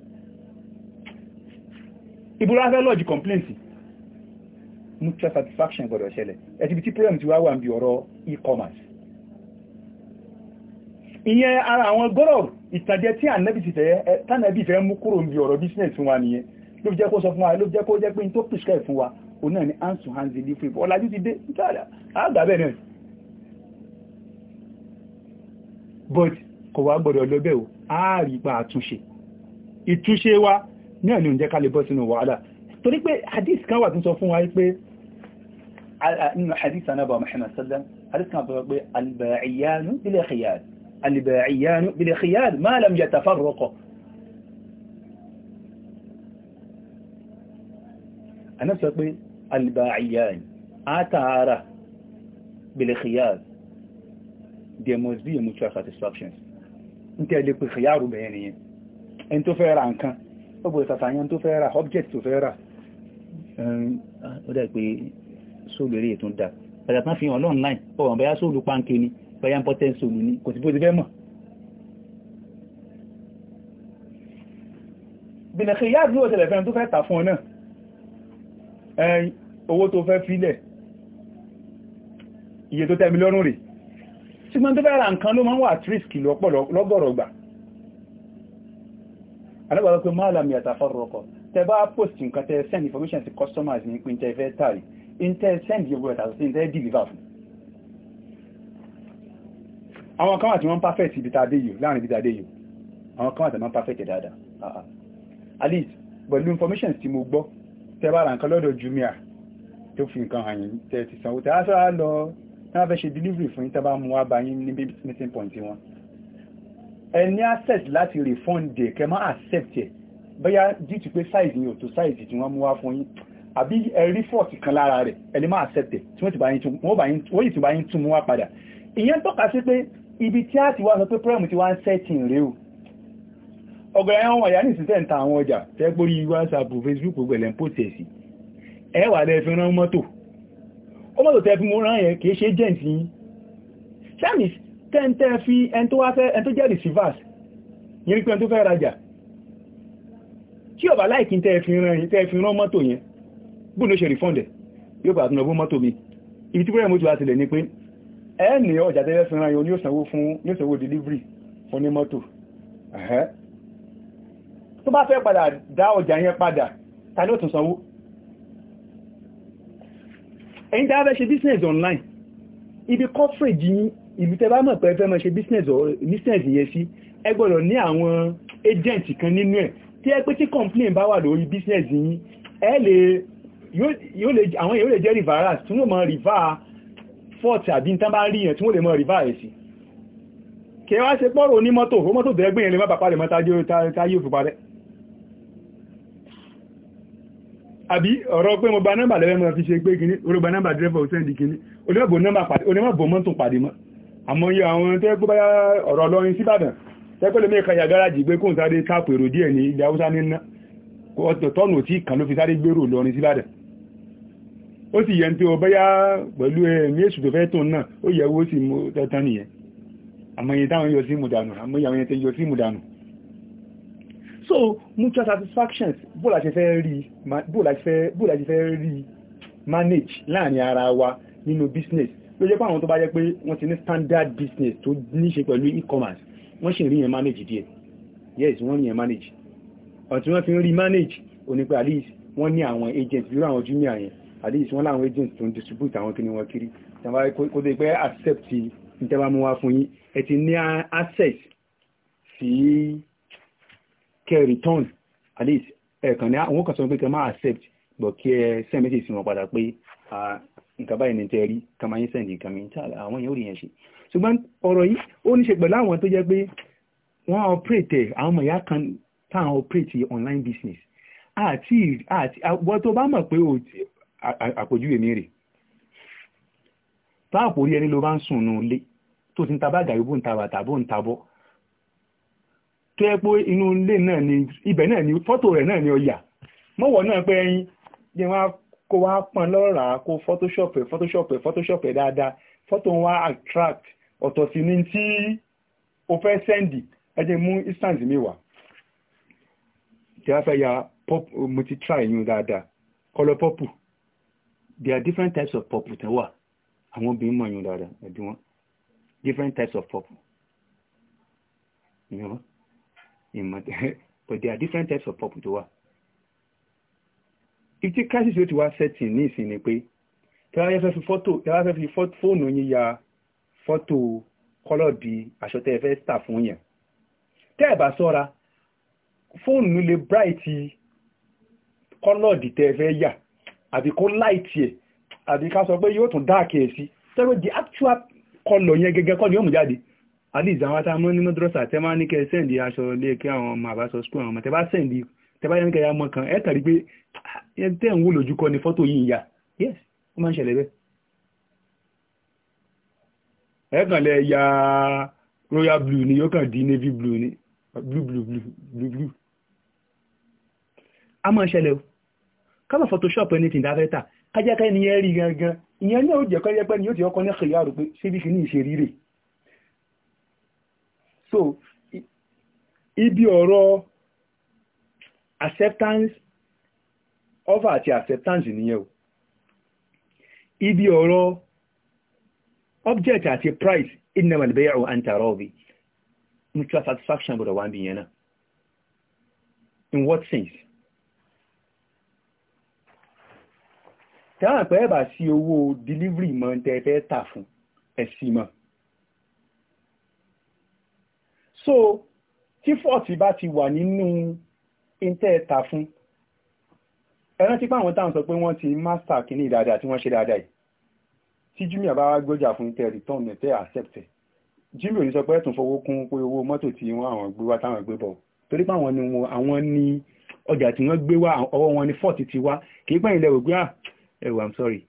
ìbúra fẹ́ lọ́jì complaint mutual satisfaction gbọ́dọ̀ ṣẹlẹ̀ ẹ̀tìbí tí problem ti wá wà ń bí ọ̀rọ̀ e-commerce ìyẹn ara àwọn gọ́rọ̀ ìtàjẹ tí ànẹ́bì fẹ́ mú kúrò ń bí ọ̀rọ̀ business wa nìyẹn ló jẹ́ kó sọ fún wa ló jẹ́ kó jẹ́ pé tó prescribe fún wa o náà to hands but kò wá gbọ́dọ̀ lọ́bẹ̀ ò ààrìpa àtúnṣe ìtúnṣe wa ní ọ̀nà ìjẹ́ ká lè bọ́ sínú wàhálà torí pé hadith kan wà tún sọ fún wa pé nínú hadith anábà Muhammad sallam hadith kan sọ pé alba'iyanu bil khiyar alba'iyanu bil khiyar ma atara bil khiyar there must be a mutual satisfaction ń tẹ́ lè pè fìyàrù bẹ̀rẹ̀ nìyẹn ẹni tó fẹ́ ra nǹkan ó bọ̀ ìsàtàyàn tó fẹ́ ra object tó fẹ́ ra. ó dà sóòlù eré ètò ń da tán fi hàn online ọ̀rọ̀ bẹ́yà sóòlù páńkì ni bẹ́yà important sóòlù ni kò sí bó ti fẹ́ mọ̀. bìnà kí yáà ní òṣèlẹ̀ fẹ́ràn tó fẹ́ tà fún ọ náà iye tó tẹ́mi lọ́rùn rèé ṣùgbọ́n tó bẹ́ra nǹkan ló máa ń wà tírísìkì lọ́gọ̀rọ̀gbà alábàbá pé máa làmì àtàfọ́rọ̀kọ̀ tẹ bá post nǹkan tẹ send information to customers ní pín tẹ fẹ́ tàrí in tẹ send yóò ẹ̀tà sí tẹ deliver fún àwọn kan wà tí wọ́n perfect ibi tàdé yìí láàrin ibi tàdé yìí àwọn kan wà tí wọ́n perfect dáadáa at least pẹ̀lú information tí mo gbọ́ tẹ bá ra nǹkan lọ́dọ̀ Jumia tó fi nǹkan hàn yín tẹ ti sanwó tẹ á sọ́ra lọ wọ́n fẹ́ ṣe delivery fún ìtàbá mú wá bá yín ní baby meeting point wọn ẹni access láti refund ẹ̀ kẹ́ má accept ẹ̀ bóyá due to pé size yìí ò tó size tí wọ́n mú wá fún yín àbí ẹ̀rí fort kan lára rẹ̀ ẹni má accept ẹ̀ tí wọ́n yìí ti bá yín tún mú wá padà ìyẹn tọ́ka sí pé ibi tí a ti wá sọ pé problem ti wá ń setting rèé o ọgbẹ̀rẹ̀ àwọn ọmọ ìyá ní ìsìtẹ́ ìta àwọn ọjà tẹ́gbórí whatsapp facebook gbẹ̀lẹ̀ ń pòtẹ̀sì ẹwà lẹ́fẹ́ràn mọ́tò ó mọ́tò tẹ́ fi mú rán yẹn kìí ṣe agent yìí samis tẹ́ntẹ́ fi ẹn tó wá fẹ́ ẹn tó jẹ́ receivers yìí pé ẹn tó fẹ́ rajà tí ọba láìkí tẹ́ fi rán yìí tẹ́ fi rán mọ́tò yẹn bóun ló ṣe rìfọ́ndẹ̀ yóò bá tún ọbú mọ́tò mi ibi tí bẹ́rẹ̀ mọ́tò wá tilẹ̀ ni pé ẹni ọjà tẹ́fẹ́ delivery fún ní mọ́tò tó bá fẹ́ padà dá ọjà yẹn padà ta ni ẹ̀yin dáa fẹ́ ṣe business online ibi coverage yín ìlú tẹ́ bá mọ̀ pé fẹ́ máa ṣe business yẹn sí ẹ gbọ́dọ̀ ní àwọn agent kan nínú ẹ̀ tí ẹ pé tí complain bá wà lórí business yín ẹ lè àwọn èèyàn lè jẹ́ referrals tí wọ́n mọ̀ refer fort àbí tán bá rí yẹn tí wọ́n lè mọ̀ refer ẹ̀ sí kí wá ṣe pọ́rọ̀ onímọ́tò ó mọ́tò tẹ́gbìn yẹn lè má bàpá rẹ̀ mọ́ta yóò fi parẹ́ àbí ọ̀rọ̀ pé mo gba nọ́mbà lẹ́wẹ́ mo fi ṣe pé kíní orí gba nọ́mbà dírẹ́fà ò sẹ́ndì kíní onímọ̀bò nọ́mbà pàdé onímọ̀bò mọ́ tún pàdé mọ́ àmọ́ iye àwọn tó gbọ́ báyá ọ̀rọ̀ lọ́rin síbàdàn tẹ́pẹ́lẹ́ mi kan yàgáràjì gbé kóhùn sáré táàpù èrò díẹ̀ ní ilẹ̀ haúsá níná tọ́nù tí kan ló fi sáré gbèrò lọ́rin síbàdàn ó sì yẹn tí ó báyá pẹ̀lú ẹ̀mí èṣù tó so mutual satisfactions bó la ṣe fẹ́ rí bó la ṣe fẹ́ rí manage láàrin ara wa nínú business ló jẹ́ pé àwọn tó bá jẹ́ pé wọ́n ti ní standard business tó ní ṣe pẹ̀lú e-commerce wọ́n ṣe rí yẹn manage díẹ̀ yes wọ́n rí yẹn manage ọ̀tí wọ́n fi ń rí manage onípe at least wọ́n ní àwọn agents lórí àwọn junior yẹn at least wọ́n láwọn agents tó ń distribute àwọn kíní wọn kiri kó dé pé accept ìjọba mú wá fún yín ẹ ti ní access sí kẹ́ return at least ẹ̀ẹ̀kan ní àwọn kan sọ pé kẹ́ máa accept but kí ẹ send message sí wọn padà pé nǹkan báyìí ní tẹ́ rí kà máa ń send nǹkan mi tí àwọn èèyàn ò rí yẹn ṣe ṣùgbọ́n ọ̀rọ̀ yìí ó ní ṣe pẹ̀lú àwọn tó jẹ́ pé wọ́n operate àwọn ọmọ ìyá kan táwọn operate online business àti àti àwọn tó bá mọ̀ pé àpòjúwe mi rè táàpò orí ẹni ló bá ń sùn nù lé tó ti ń ta bá gàrí bó ń ta bàtà bó ń ta bọ́ tó yẹ pé inú ilé náà ni ibẹ̀ náà ni fọ́tò rẹ̀ náà ni ọ̀yà mọ́wọ́ náà pé ẹyin jẹ́ wọn kó wá pọn lọ́ra kó photoshop ẹ̀ photoshop photoshop ẹ̀ dáadáa fọ́tò wa attract ọ̀tọ̀ sí ni tí o fẹ́ sẹ́ndì ẹ jẹ́ mú instance mi wá tí a fẹ́ ya mo ti try yín dáadáa color purple there are different types of purple tẹ́ wà àwọn obìnrin mọ̀ yín dáadáa ẹ̀dùn wọn different types of purple. You know? ìmọ̀ [laughs] but there are different types of purple tó wà. ìtí crisis yóò ti wá setting ní ìsìn ni pé tí wọ́n fẹ́ fi fọ́tò tí wọ́n fẹ́ fi fóònù yín ya fọ́tò kọ́lọ́ọ̀dì aṣọ tẹ́ ẹ fẹ́ tà fún yẹn tẹ́ ẹ bá sọ́ra fóònù lè bright kọ́lọ́ọ̀dì tẹ́ ẹ fẹ́ yà àbí kó light ẹ̀ àbí ká sọ pé yóò tún dark ẹ̀ sí tẹ́wọ́ di actual kọlọ̀ yẹn gẹ́gẹ́ kọ́ ni yóò àdìs àwọn tá a mọ́ ní mọ́dúrọ́sà tẹ́ máa ní kẹ́ sẹ́ǹdì aṣọ lé kí àwọn ọmọ àbáṣọ skul àwọn ọmọ tẹ́ bá sẹ́ǹdì tẹ́ bá yẹn ya mọ́ kan ẹ̀ tàbí pé tẹ́ ń wò lójú ni fọ́tò yìí ń yes ó máa ń ṣẹlẹ̀ bẹ́ẹ̀. ẹ ya royal blue ni yóò kàn di navy blue ni blue blue blue blue blue. a máa ṣẹlẹ̀ o ká má photoshop anything dá fẹ́ tà kájá ká ẹni yẹn rí gangan ìyẹn náà ó jẹ́ kọ́ so ibi ọ̀rọ̀ acceptance offer àti acceptance nìyẹn o ibi ọ̀rọ̀ object àti price innamal bay'u an taradi mutual satisfaction gbọ́dọ̀ wà ń bí yẹn náà in what sense tẹ́wọ̀n pẹ́ bá sí owó delivery mọ́ tẹ́ fẹ́ tà fún ẹ̀sìn mọ́ so tí fọ́ọ̀tì bá ti wà nínú intẹ́ẹ̀ta fún ẹran tí pàwọn táwọn sọ pé wọ́n ti master kìíní dáadáa tí wọ́n ṣe dáadáa yìí tí junior bá wá gbọ́jà fún tẹ́ return ní tẹ́ accept ẹ̀ junior ní sọ pé ẹ̀tún fowó kún pé owó mọ́tò tí wọ́n àwọn gbé wá táwọn gbé bọ̀ torí pàwọn ni wọn àwọn ní ọjà tí wọ́n gbé wá ọwọ́ wọn ni fọ́ọ̀tì ti wá kìí pẹ́yìn lẹ́wọ̀ gbé ah ẹ̀wọ̀ i'm sorry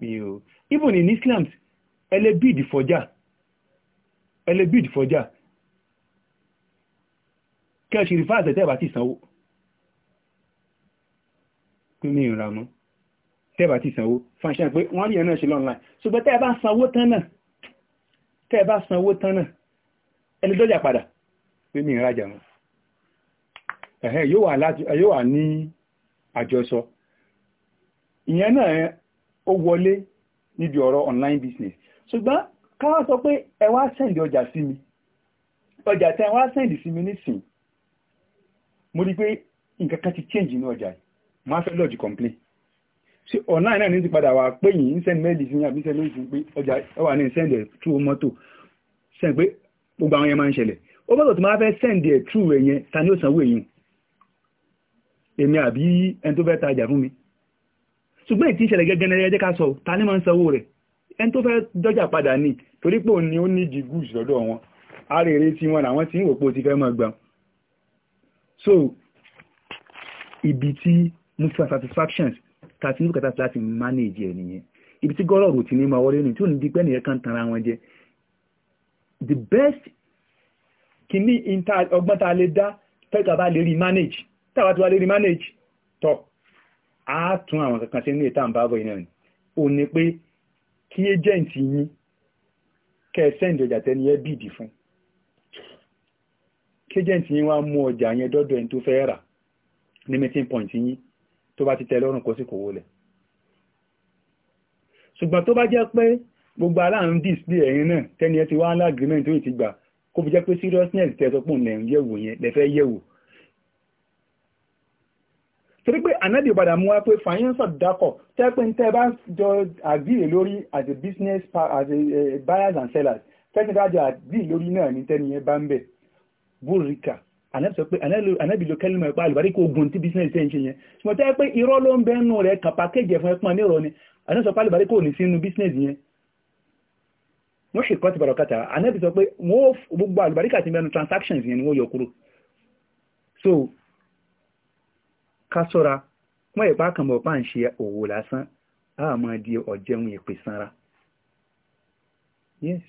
mi ò even in Islam ẹlẹ́bìdì fọjà ẹlẹ́bìdì fọjà kí ẹ ṣe rí fáàsẹ̀ tẹ́ẹ̀bà ti sanwó pé ní ìrìnra mọ́ tẹ́ẹ̀bà ti sanwó fàṣẹ pé wọ́n rí ẹ̀ ṣe lọ́nà ṣùgbọ́n tẹ́ẹ̀ sanwó tán náà sanwó tán náà padà pé ní ìrajà mọ́ ẹ̀hẹ́ yóò wà ní àjọsọ ìyẹn náà ó wọlé níbi ọ̀rọ̀ online business ṣùgbọ́n káwá sọ pé ẹ wá sẹ́ndì ọjà sí mi ọjà tẹ́ wá sẹ́ndì sí mi nísìn mo rí pé nǹkan kan ti change inú ọjà yìí máa fẹ́ lọ́ọ̀dì complain ṣe online náà ní ti padà wà pé yìí ń send mail sí yàbí send mail sí pé ọjà ẹwà ní send ẹ̀ through mọ́tò send pé gbogbo àwọn yẹn máa ń ṣẹlẹ̀ ó bọ́dọ̀ tó máa fẹ́ send ẹ̀ through ẹ̀ yẹn ta ni ó sanwó èyí èmi àbí ẹni tó fẹ́ tajà fún mi ṣùgbọ́n ìtí ìṣẹ̀lẹ̀ gẹ́gẹ́ ní ẹjẹ́ ká sọ ta ni máa ń sanwó rẹ̀ ẹni tó fẹ́ dọ́jà padà ní torí ni ó ní di goods lọ́dọ̀ wọn arèrè tí wọn làwọn ti ń wò pé ó ti fẹ́ máa gbọ́n so ibi tí mutual satisfactions tàbí nígbàtà láti manage ẹ̀ nìyẹn ibi tí gọ́lọ̀rù ti ní máa wọlé ní tí ò ní dípẹ́ nìyẹn kan tanra wọn jẹ the best kìíní ọgbọ́n tá a lè dá tẹ́ka bá lè rí manage táwa tí wá lè rí manage tọ́ a tún àwọn kankan sí ní ìta àǹbábọ̀ iná ni ò ní pé kí agent yín kẹ́ ẹ send ọjà tẹ́ni ẹ bìdì fún kéjẹ̀ǹtì yín wá mú ọjà yẹn dọ́dọ̀ ẹni tó fẹ́ rà ní meeting point yín tó bá ti tẹ́ lọ́rùn kó sì kówó lẹ̀ ṣùgbọ́n tó bá jẹ́ pé gbogbo aláàrùn display ẹ̀yìn náà tẹ́ni ẹ ti wá ńlá agreement tó yìí ti gbà kó fi jẹ́ pé seriousness tẹ́ sọ pọ̀ lẹ́yìn yẹ̀wò yẹn lẹ́fẹ́ yẹ̀wò torí pé ànábì padà mú wá pé financial dákọ̀ tẹ́ pé tẹ́ bá jọ agree lórí as a business as a eh, buyers and sellers tẹ́sí bá jọ agree lórí náà ní tẹ́ni yẹn bá ń bẹ̀ búrìkà ànábì ló kẹ́lìmọ̀ ẹ̀pá àlùbáríkà ogun tí bísínẹ̀sì ẹ̀ ń ṣe yẹn ṣùgbọ́n tẹ́ pé irọ́ ló ń bẹ́ nù rẹ̀ kàn pàkéjì ẹ̀fọn ẹ̀pọ̀n nírọ̀ ni ànábì sọ pé àlùbáríkà ò ní sínú bísínẹ̀sì yẹn wọ́n ṣe kọ́ ti bọ̀rọ̀ kàtà ànábì sọ pé wọ́n gbogbo àlùbáríkà ti mẹ́nu transactions yẹn ni wọ́n yọ kúrò so ká sọ́ra wọ́n ìpá kan bọ̀ páà ń ṣe òwò lásán á máa di ọ̀jẹun ìpè sanra yes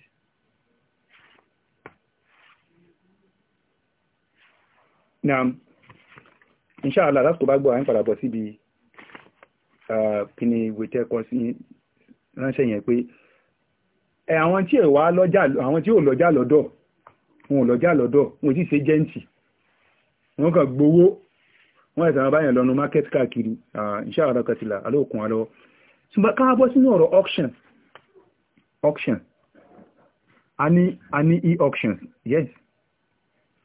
Naam, inṣáàlá lásìkò bá gbọ́ àyín padà bọ̀ síbi kíni ìwé tẹ́kọ sí ránṣẹ́ yẹn pé àwọn tí ò wá lọ́jà àwọn tí ò lọ́jà lọ́dọ̀ wọn ò lọ́jà lọ́dọ̀ wọn ò sì ṣe jẹ́ǹtì wọn kàn gbowó wọn ẹ̀sán báyẹn lọ́nu market káàkiri inṣáàlá kàtìlà alóòkun alọ́ ṣùgbọ́n ká bọ́ sínú ọ̀rọ̀ auction auction a ní e-auction yes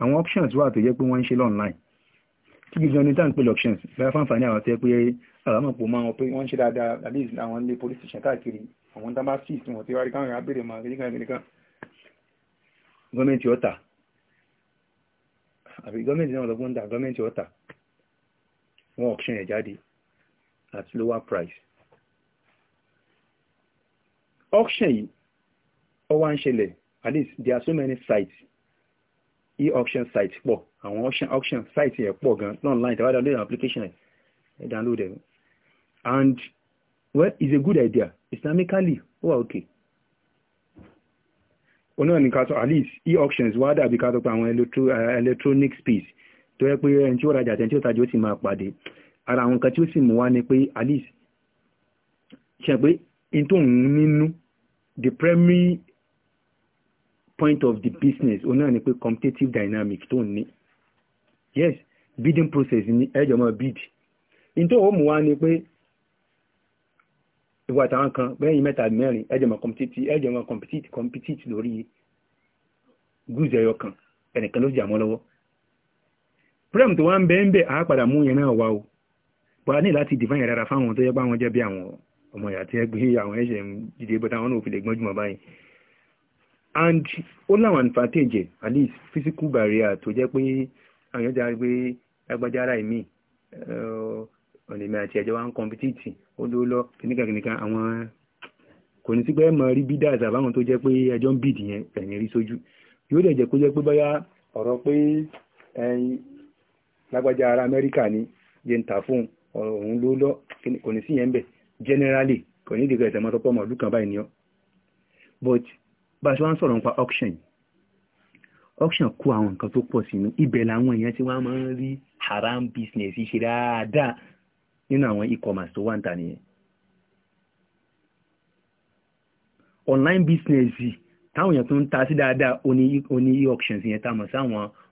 àwọn options wà tó jẹ́ pé wọ́n ń ṣe online kí gígan ní táǹpẹ̀ options bẹ́ẹ̀ fáǹfààní àwọn tẹ́ pé àlámọ̀pọ̀ máa wọn pé wọ́n ń ṣe dáadáa at least àwọn ilé police station káàkiri àwọn tá bá sì sí wọn tí wárí káwọn abèrè máa kékeré kékeré kan gọ́ọ̀mẹ̀ntì ọ̀tà àbí gọ́ọ̀mẹ̀ntì náà lọ́gbọ́n ń dà gọ́ọ̀mẹ̀ntì ọ̀tà wọ́n option ẹ̀ jáde at lower price auction yìí ó wá ń ṣẹlẹ̀ at least there are so many sites e-auction site pọ̀ àwọn auction auction site yẹn pọ̀ gan online tẹ́wá download an application ẹ̀ download ẹ̀ and well it's a good idea islamically ó wà okay onáà ní ká at least e-auctions wá dàbí ká sọ pé àwọn eh, electronic space tó yẹ pé ẹni tí ó rajà àti ẹni tí ó tajà ó sì máa pàdé ara àwọn nǹkan tí ó sì mú wá ni pé at least ṣe pé in tó ń nínú the primary point of the business ona náà ni pé competitive dynamic tó ní yes bidding process ni ẹjọ́ mọ́ bid in tó ó mú wá ni pé ìwà àtàwọn kan bẹ́yìn mẹ́ta mẹ́rin ẹjọ́ mọ́ competitive ẹjọ́ mọ́ competitive competitive lórí goods ẹyọ kan ẹnìkan ló jà mọ́ lọ́wọ́ prem tó wá ń bẹ ń bẹ àápadà mú yẹn náà wá o bọ́lá ní láti define rárá fáwọn tó yẹ pé àwọn jẹ́ bí àwọn ọmọ ìyá tí ẹgbẹ́ àwọn ẹ̀ṣẹ̀ ń dìde bọ́ta àwọn náà ò fi lè gbọ́njú mọ́ báyìí and ó láwọn advantage at least physical barrier tó jẹ́ pé àwọn ọjà gbé agbájá ìmí ọ̀nà ìmí àti ẹ̀jọ̀ wa ń competite ó ló lọ kìnnìkankìnnìkan àwọn kò ní sí pé mọ̀ rí bidas àbáwọn tó jẹ́ pé ẹjọ́ ń bìd yẹn ẹ̀yìn rí sójú yóò dẹ̀ jẹ́ kó jẹ́ pé ọ̀rọ̀ pé ẹyin Amẹ́ríkà ni yẹ ń tà fún òun ló lọ kò ní sí yẹn ń bẹ̀ generally kò ní ìdíkọ̀ ẹ̀sẹ̀ mọ́tọ́pọ̀ ọdún kan báyìí ni ọ́ but bá ṣe wá ń sọ̀rọ̀ nípa auction auction kó àwọn nǹkan tó pọ̀ sínú ibẹ̀ làwọn èèyàn tí wọ́n máa ń rí haram business ṣe dáadáa nínú àwọn e-commerce tó wà ń ta nìyẹn online business táwọn èèyàn tó ń ta sí dáadáa oní auctions yẹn tá mọ̀ sí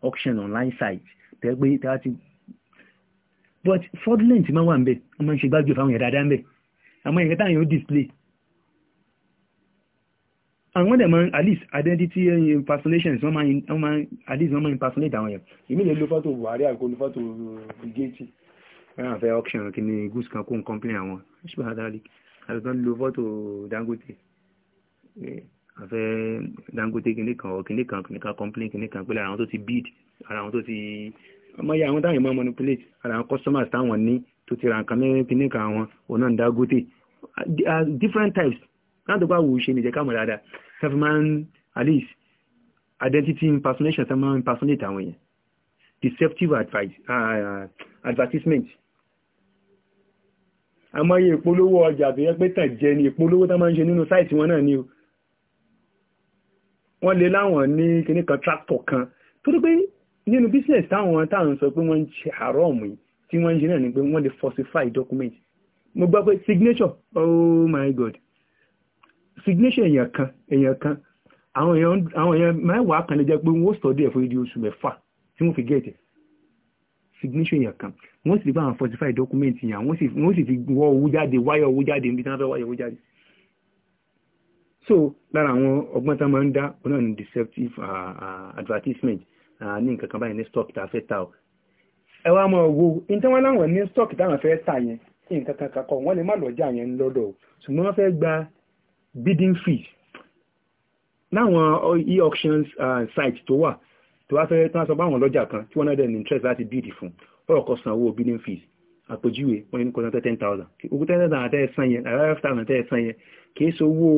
auction online site tẹ́ pé tá ti but fraudulent máa wà ń bẹ̀ wọ́n máa ń ṣe gbájú fáwọn èèyàn dáadáa ń bẹ̀ àmọ́ ìyẹn táwọn èèyàn display àwọn dẹ̀ máa at least identity eh, impersonations wọ́n máa at least wọ́n máa impersonate àwọn yẹn èmi lè lo fọ́tò buhari àgbo lo fọ́tò gẹ́ẹ̀tì ẹ̀rọ àfẹ́ auction kìíní goods kan kó n complain àwọn ṣùgbọ́n àdáàlì àtúntàn lo fọ́tò dangote àfẹ́ dangote kìíní kan ọ̀ kìíní kan kìíní kan complain kìíní kan pẹ̀lú àwọn tó ti bid ara àwọn tó ti ọmọ yẹ àwọn táwọn ìmọ̀ manipulate ara àwọn customers táwọn ní tó ti ra nǹkan mẹ́rin kìíní kan àwọn òun náà dangote different types láti bá wù ú ṣe nìjẹ́ káàmù dáadáa seven at least identity impersonation seven impersonate àwọn yẹn deceptive advice, uh, advertisement àmọ́yé ìpolówó ọjà tó yẹ pé tàn jẹ ni ìpolówó tó máa ń ṣe nínú sáìtì wọn náà ni o wọ́n lè láwọn ní kíní kan tractor kan torí pé nínú business táwọn táwọn sọ pé wọ́n ń ṣe haram yìí tí wọ́n ń ṣe náà ni pé wọ́n lè falsify document mo gbọ́ pé signature oh my god signature èèyàn kan èèyàn kan àwọn èèyàn mẹ́wàá kan lè jẹ́ pé wọ́n sọ̀dọ̀ ẹ̀ fún ìdí oṣù mẹ́fà tí wọ́n fi gẹ̀ẹ́tẹ̀ signature èèyàn kan wọ́n sì ti bá àwọn forty document yàn wọ́n sì ti wọ́ owó jáde wáyọ̀ owó jáde níbi tí wọ́n fẹ́ wáyọ̀ owó jáde. so lára àwọn ọgbọ́n tá a máa ń dá òun náà ní deceptive uh, uh, advertisement ní nǹkan kan báyìí ní stock tá a fẹ́ ta o ẹ wá mọ owó ìtẹ́wọ́n láwọn ní stock táwọn fẹ́ tà yẹn kí nǹkan kan kakọ wọ́n lè má lọ́jà yẹn lọ́dọ̀ ṣùgbọ́n wọ́n fẹ́ gba bidding fees láwọn e-auctions uh, site tó wà tó wá fẹ́ tán sọ bá àwọn lọ́jà kan tí wọ́n náà dẹ̀ ní interest láti bid fún ọ̀rọ̀ kan san owó bidding fees àpèjúwe wọ́n ní kọ́ńtà ten thousand owó ten thousand àtẹ́ san yẹn àrà five thousand àtẹ́ san yẹn kìí ṣe owó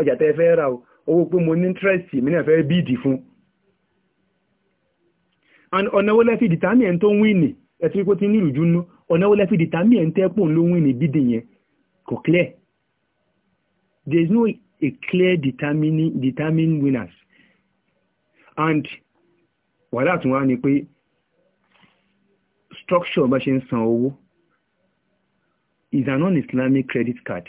ọjà tẹ́ fẹ́ ra o owó pé mo ní interest mi náà fẹ́ bid fún. and ọ̀nà wo lẹ́fì dìtámì ẹ̀ ń tó ń wíìnì ẹ̀ tí kò ti ní ìrújú nú ọ̀nà wo lẹ́fì dìtámì ẹ̀ ń tẹ́pọ̀ clear There's no a clear determining determine winners. And wàhálà tún wá ni pé structure bá ṣe ń san owó is an non-Islamic credit card.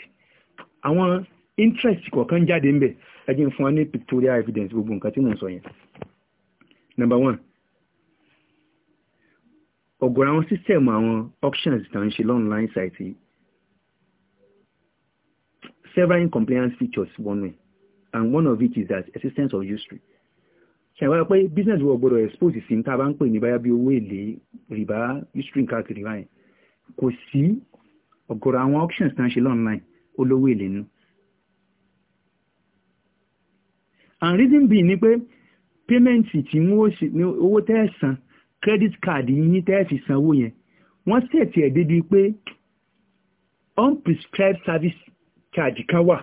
Àwọn interest kọ̀ọ̀kan jáde ń bẹ̀ ẹjẹ́ fún wa ní pictorial evidence gbogbo nǹkan tí mò ń sọ Number one, ọ̀gọ̀rọ̀ àwọn system àwọn options tàn ṣe online site several incompliance features one way, and one of it is that existence of usury ṣàwọn pé business wọ gbọdọ̀ expose sí nǹkan bá ń pè ní báyà bí owó èlé rìbá usury káàkiri báyìí kò sí ọ̀gọ̀rọ̀ àwọn auctions tán ṣe lọ́nà olówó èlé nù and reason being ni pé payment tí owó tẹ́ẹ̀sán credit card yín tẹ́ẹ̀fì sanwó yẹn wọ́n ṣètì ẹ̀ débi pé unprescribed service charge kan wà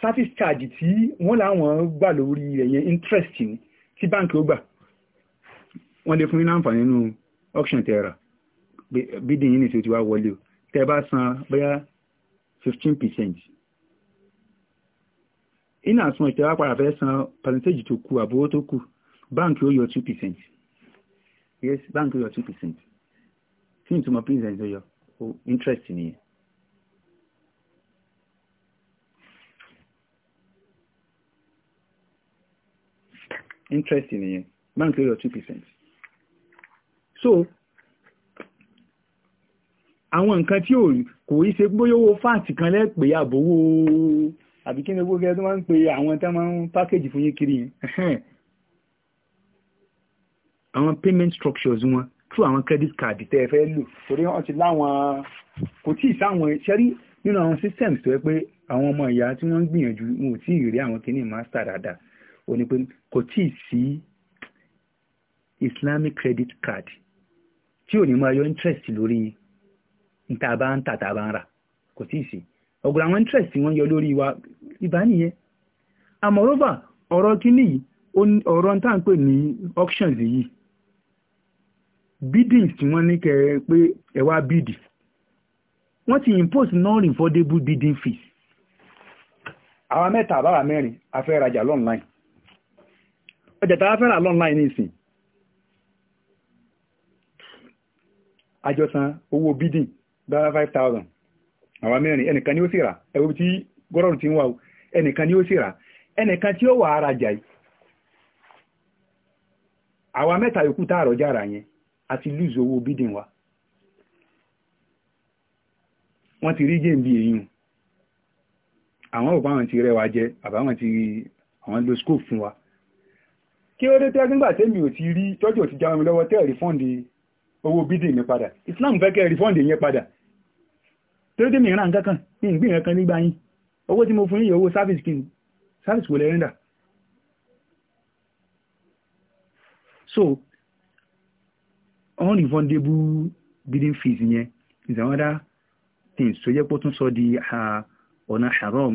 service charge tí wọ́n láwọn gbà lórí rẹ̀ yẹn interest ni tí báǹkì ó gbà wọ́n lè fún yín láǹfààní nínú auction tẹ́ra bídìn yìí ní tí ó wọlé o tẹ́ bá san bóyá fifteen percent iná àsun ìtẹ́wá padà fẹ́ san percentage tó kù àbówó tó kù báǹkì ó yọ two percent yes báǹkì ó yọ two percent tí ìtumọ̀ percent ó yọ interest nìyẹn interest nìyẹn bank rate lórí two percent. so àwọn nǹkan tí kò í ṣe bóyá owó fáàtì kan lẹ́pẹ́ àbówó àbí kí ni owó gẹ́gẹ́ tó máa ń pe àwọn tó máa ń pákéjì fún yín kiri yẹn àwọn payment structures wọn through àwọn credit card tẹ́ ẹ fẹ́ lò torí wọ́n ti láwọn kò tí ì sáwọn ṣẹ́rí nínú àwọn systems tó yẹ pé àwọn ọmọ ìyá tí wọ́n ń gbìyànjú wọn ò tí ì rí àwọn kìíní master dáadáa ó ní pé kò tí ì sí islamic credit card tí ò ní máa yọ interest lórí níta bá ń tà tá a bá ń rà kò tí ì sí àwọn interest wọ́n yọ lórí wa ìbá nìyẹn àmọ́rọ́bà ọ̀rọ̀ kíní yìí ọ̀rọ̀ tá à ń ní auctions yìí biddings tí wọ́n ní kẹ́ pé ẹ wá bid wọ́n ti impose non-refundable bidding fees àwa mẹ́ta àbára mẹ́rin a fẹ́ rajà online ọjà tàbí fẹ́ràn lọ́nláì ní ìsìn àjọsán owó bídìn dára 5,000 àwọn mẹ́rin ẹnìkan ni ó sì rà ẹwọ́ tí gọ́rọ̀rùn ti ń wà ó ẹnìkan ni ó sì rà ẹnìkan tí ó wà ara jà yìí àwọn mẹ́ta yòókù táàrọ̀ jára yẹn àti owó wa wọ́n ti rí èyí àwọn ti rẹwà jẹ àbáwọn ti àwọn lo kí ó dé tẹ́gbẹ́ nígbà tẹ́mi ò ti rí tọ́jú òtí jáwọn lọ́wọ́ tẹ́ rìfọ́ǹdì owó bídì mi padà Islam fẹ́ kẹ́ rìfọ́ǹdì yẹn padà torí tẹ́mi ìran nǹkan ní ìgbín nǹkan nígbà yín owó tí mo fún yín owó service kí service wò rẹ́ndà so unrefundable bidding fees yẹn is another thing so yẹ kó tún sọ di ah, ọ̀nà haram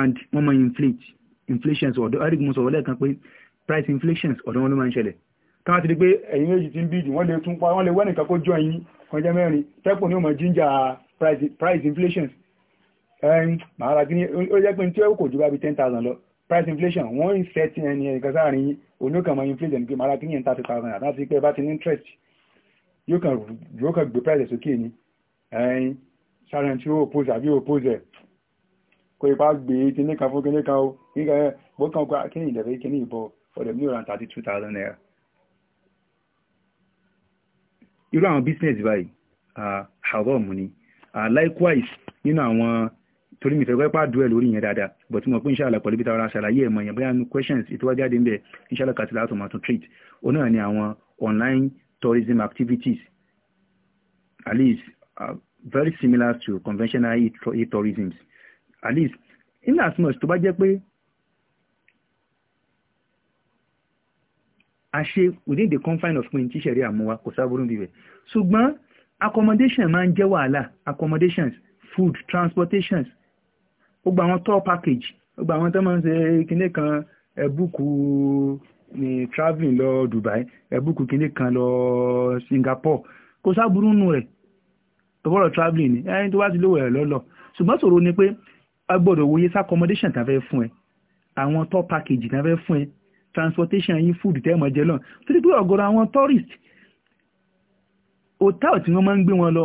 and wọ́n máa inflate inflations ọ̀dọ́ eric musa wọlé kan pé price inflations ọ̀dọ́ wọn ló máa ń ṣẹlẹ̀ káwọn ti di pé ẹ̀yin méjì ti ń bíìdì wọ́n lè tún pa wọ́n lè wẹ́nìkan kó jọ yín kọjá mẹ́rin tẹ́pọ̀ ní ọmọ jíńjà price inflations ẹ̀yìn màá ra kíní ó jẹ́ pé tí ó kò ju bá bi ten thousand lọ price inflation wọ́n ń set ẹni ẹnìkan sáàrin yín oníkànmọ́ inflation pé màá ra kíní thirty thousand àti pé bá ti ní interest yóò kàn gbé price sókè ni ẹ̀yìn sáàrin tí ó oppose àbí oppose ẹ̀ kò ipá gbé kíní kan fún kíní kan o kíní kan bó kàn gba ah, kíní ìdẹ̀fẹ́ kíní ìbọ̀ ọ̀dẹ̀ mi ò ra thirty two thousand naira. irú àwọn business báyìí haram ni likewise nínú àwọn torí mi fẹ́ pẹ́ pàdú ẹ̀ lórí yẹn dáadáa but mo pín inshallah pẹ̀lú bíta ara ṣàlàyé ẹ̀mọ̀ yẹn bóyá questions ìtọ́jáde ń bẹ̀ inshallah kàtí láti máa tún treat ó náà ni àwọn online tourism activities at least uh, very similar to conventional e-tourism. E, e- at least in as much tó bá jẹ́ pé a within the confine of pin tíṣẹ̀rí àmúwa kò sáburú bíbẹ̀ ṣùgbọ́n accommodation máa ń jẹ́ accommodations food transportations ó gba àwọn tour package ó gba àwọn tó máa ń ṣe kan ebuku ní traveling lo Dubai ebuku kine kan lo Singapore kò sáburú nù rẹ̀ tọ́wọ́rọ̀ travelling ni ẹni tó bá ti lówó ẹ̀ lọ́lọ́ ṣùgbọ́n ṣòro ni pé agbọ́dọ̀ wòye sí accommodation tá a fẹ́ fún ẹ àwọn tour package tá a fẹ́ fún ẹ transportation yín food tẹ́ ẹ mọ̀ jẹ lọ́n torí pé ọ̀gọ̀rọ̀ àwọn tourist hotel tí wọ́n máa ń gbé wọn lọ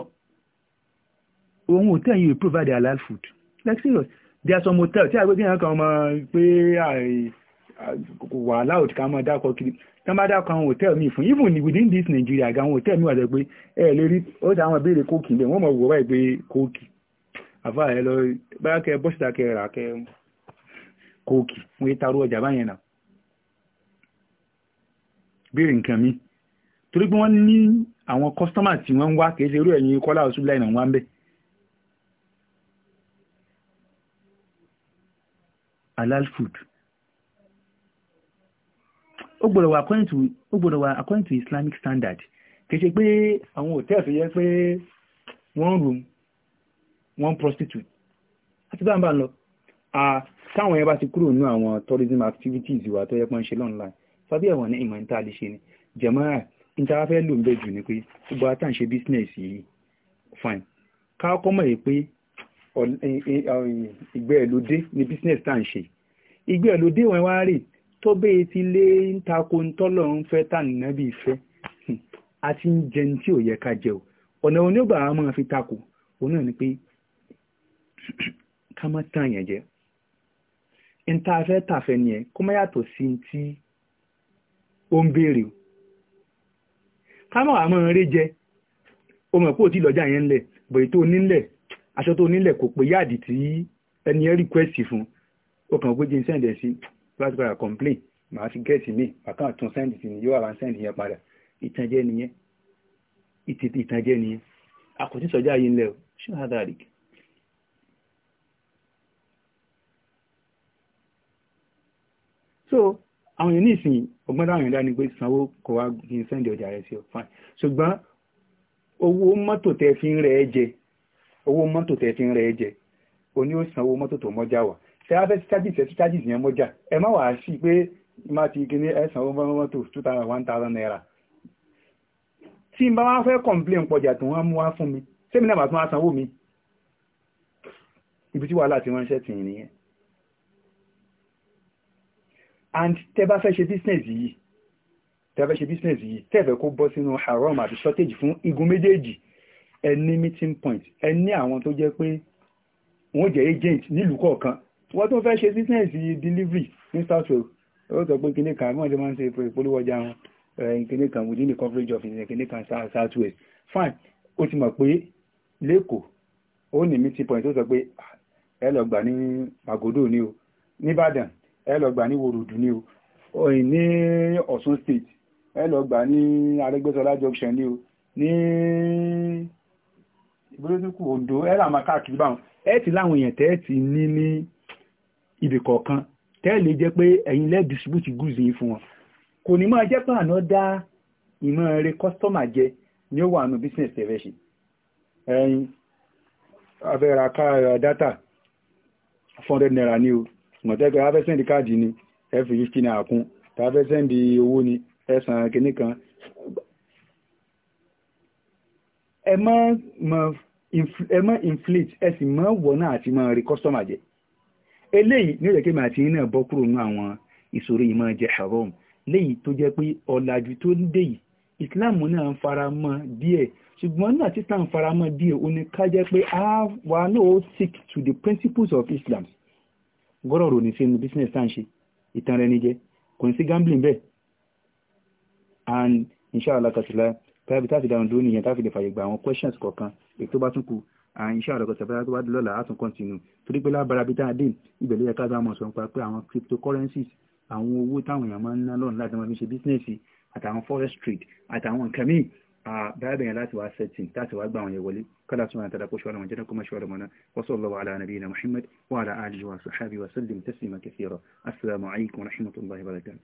òun hotel yìí provide halal food like serious there are some hotel tí àgbẹ̀ kéèyàn kan mọ̀ pé wà láòdì ká máa dákọ̀ kiri tán bá dákọ̀ àwọn hotel mi fún even within this Nigeria gan àwọn hotel mi wà sọ pé ẹ lè rí ó ti àwọn ìbéèrè kóòkì bẹ́ẹ̀ wọ́n mọ̀ wọ́ báyìí pé kóòkì àfà ẹ lọ báyà kẹ bọ́sìtà kẹ rà kẹ kóòkì wọ́n yé tarú ọjà báyẹn náà béèrè nǹkan mi torí pé wọ́n ní àwọn kọ́sítọ́mà tí wọ́n ń wá kìí irú ẹ̀yìn kọ́lá ọ̀ṣun láì náà wọ́n ń bẹ̀. halal food ó gbọ́dọ̀ wà according to ó islamic standard kìí ṣe pé àwọn hòtẹ́ẹ̀lì yẹ pé wọ́n rùn one prostitute àti bá ń bá ń lọ táwọn yẹn bá ti kúrò ní àwọn tourism activities wa tó yẹ pọ́n ṣe online sábẹ́ ẹ̀wọ̀n ní ìmọ̀ níta lè ṣe ni jẹ̀mọ́ra níta fẹ́ lò ń bẹ̀ ni pé gbogbo ata ń ṣe business yìí fine ká kọ́ mọ̀ yìí pé ìgbẹ́ ẹ̀ ló dé ni business tá ń ṣe ìgbẹ́ ẹ̀ ló dé wọn wá rè tó bẹ́ẹ̀ e ti lé ń tako ń tọ́lọ̀ ń fẹ́ tà nínú bí ìfẹ́ àti ń jẹun tí ò yẹ ká jẹ o ọ̀nà onígbà máa fi tako òun náà ni pé Kama má tàn yẹn jẹ n tá a fẹ́ tàfẹ́ ni ẹ kó má yàtọ̀ sí ti ó ń béèrè o ká má wàá máa rí jẹ o mọ̀ pé o ti lọ́jà yẹn ńlẹ̀ bòyí tó nílẹ̀ aṣọ tó nílẹ̀ kò pé yáàdì tí ẹni ẹ rìkwẹ́sì fún o kàn pé jíjìn sẹ́ǹdẹ̀ sí láti padà complain màá fi gẹ́ẹ̀sì mi bàkà tún sẹ́ǹdì sí ni yóò àwọn sẹ́ǹdì yẹn padà ìtànjẹ nìyẹn ìtìtì ìtànjẹ nìyẹn a kò sí sọjá yìí ńlẹ̀ o ṣé wàá dáa rèé so àwọn èèyàn ní ìsìn ọgbọ́n táwọn èèyàn dá ni pé sanwó kọ wá kí n sẹ́ndì ọjà rẹ̀ sí ọ fine ṣùgbọ́n owó mọ́tò tẹ fi ń rẹ̀ ẹ́ jẹ owó mọ́tò tẹ fi ń rẹ̀ ẹ́ jẹ o ní ó san owó mọ́tò tó mọ́jà wà ṣé a fẹ́ sí charges ẹ sí charges yẹn mọ́jà ẹ má wàá sí pé má ti kí ní ẹ san owó mọ́tò two thousand one thousand naira tí n bá wá fẹ́ complain pọ̀jà tó wọ́n mú wá fún mi sẹ́mi náà bá tún wá sanwó mi ibi tí wàhálà ti ránṣẹ́ tì and tẹ́ bá fẹ́ ṣe business yìí tẹ́ bá ṣe business yìí tẹ́ fẹ́ kó bọ́ sínú haram àti shortage fún igun méjèèjì ẹ ní meeting point ẹ ní àwọn tó jẹ́ pé wọ́n jẹ́ agent nílùú kọ̀ọ̀kan wọ́n tó fẹ́ ṣe business yìí delivery ní south wales ó sọ pé kíní kan wọ́n ti máa ń ṣe ìpolówó ọjà wọn kíní kan within the coverage of kíní kan south wales fine ó ti mọ̀ pé lẹ́kọ̀ọ́ ó ní meeting point ó sọ pé ah, ẹ lọ gbà ní magodo ni o níbàdàn ẹ lọ gbà ní wòròdú ni o ní Ọ̀ṣun state ẹ lọ gbà ní Arẹ́gbẹ́ṣọlá junction ni o ní ìgbélódúkù Oǹdó ẹ là máa káàkiri báwọn ẹ ti láwọn èèyàn tẹ́ ẹ ti ní ní ibì kọ̀ọ̀kan tẹ́ ẹ lè jẹ́ pé ẹ̀yin lẹ́ẹ̀ distribute goods yìí fún wọn kò ní máa jẹ́ pé àná dá ìmọ̀ rẹ customer jẹ ni ó wà nù business television. ṣe ẹ̀yin abẹ́ra ká data four hundred naira ni o mọ̀tẹ́kẹ́ abẹ́sẹ̀ndì káàdì ni ẹ fi fifty naira kún tàbẹ́sẹ̀ndì owó ni ẹ san kan ẹ má inflate ẹ sì mọ wọ̀ náà àti mọ rí kọ́sọ́mà jẹ eléyìí ní òjò kéèmà àti yín náà bọ́ kúrò nínú àwọn ìṣòro yìí máa jẹ haram léyìí tó jẹ́ pé ọ̀làjú tó ń dé yìí Islam náà ń fara mọ́ díẹ̀ ṣùgbọ́n náà tí Islam fara mọ́ díẹ̀ ó ní ká jẹ́ pé àwa náà ó stick to the principles of Islam gọ́rọ̀ rò ní sínú business tá à ń ṣe ìtàn rẹ̀ ní kò ní sí gambling bẹ́ẹ̀ and inshallah kàtìlá tàbí tá a ti dáhùn dúró nìyẹn tá fi lè fàyè gba àwọn questions kọ̀ọ̀kan èyí tó bá tún kù and inshallah kàtìlá tó bá dé lọ́la á tún continue torí pé lábára bí tá a dé ibẹ̀ ló yẹ ká bá mọ̀ sọ nípa pé àwọn cryptocurrencies àwọn owó táwọn èèyàn máa ń ná lọ́run láti máa fi ṣe business àtàwọn forest trade àtàwọn nǹkan míì arábìnrin yẹn láti wá sẹ́tìn láti wá gbà wọn yẹn wọlé kọ́lá sọ́nà tàdá kó ṣọ́ọ́rọ̀ mọ̀jẹ́dá kó má ṣọ́ọ́rọ̀ mọ̀ná wasallallahu ala nabiyyina muhammad wa ala alihi wa sahbihi wa sallim taslima kathira assalamu alaikum wa rahmatullahi wa barakatuh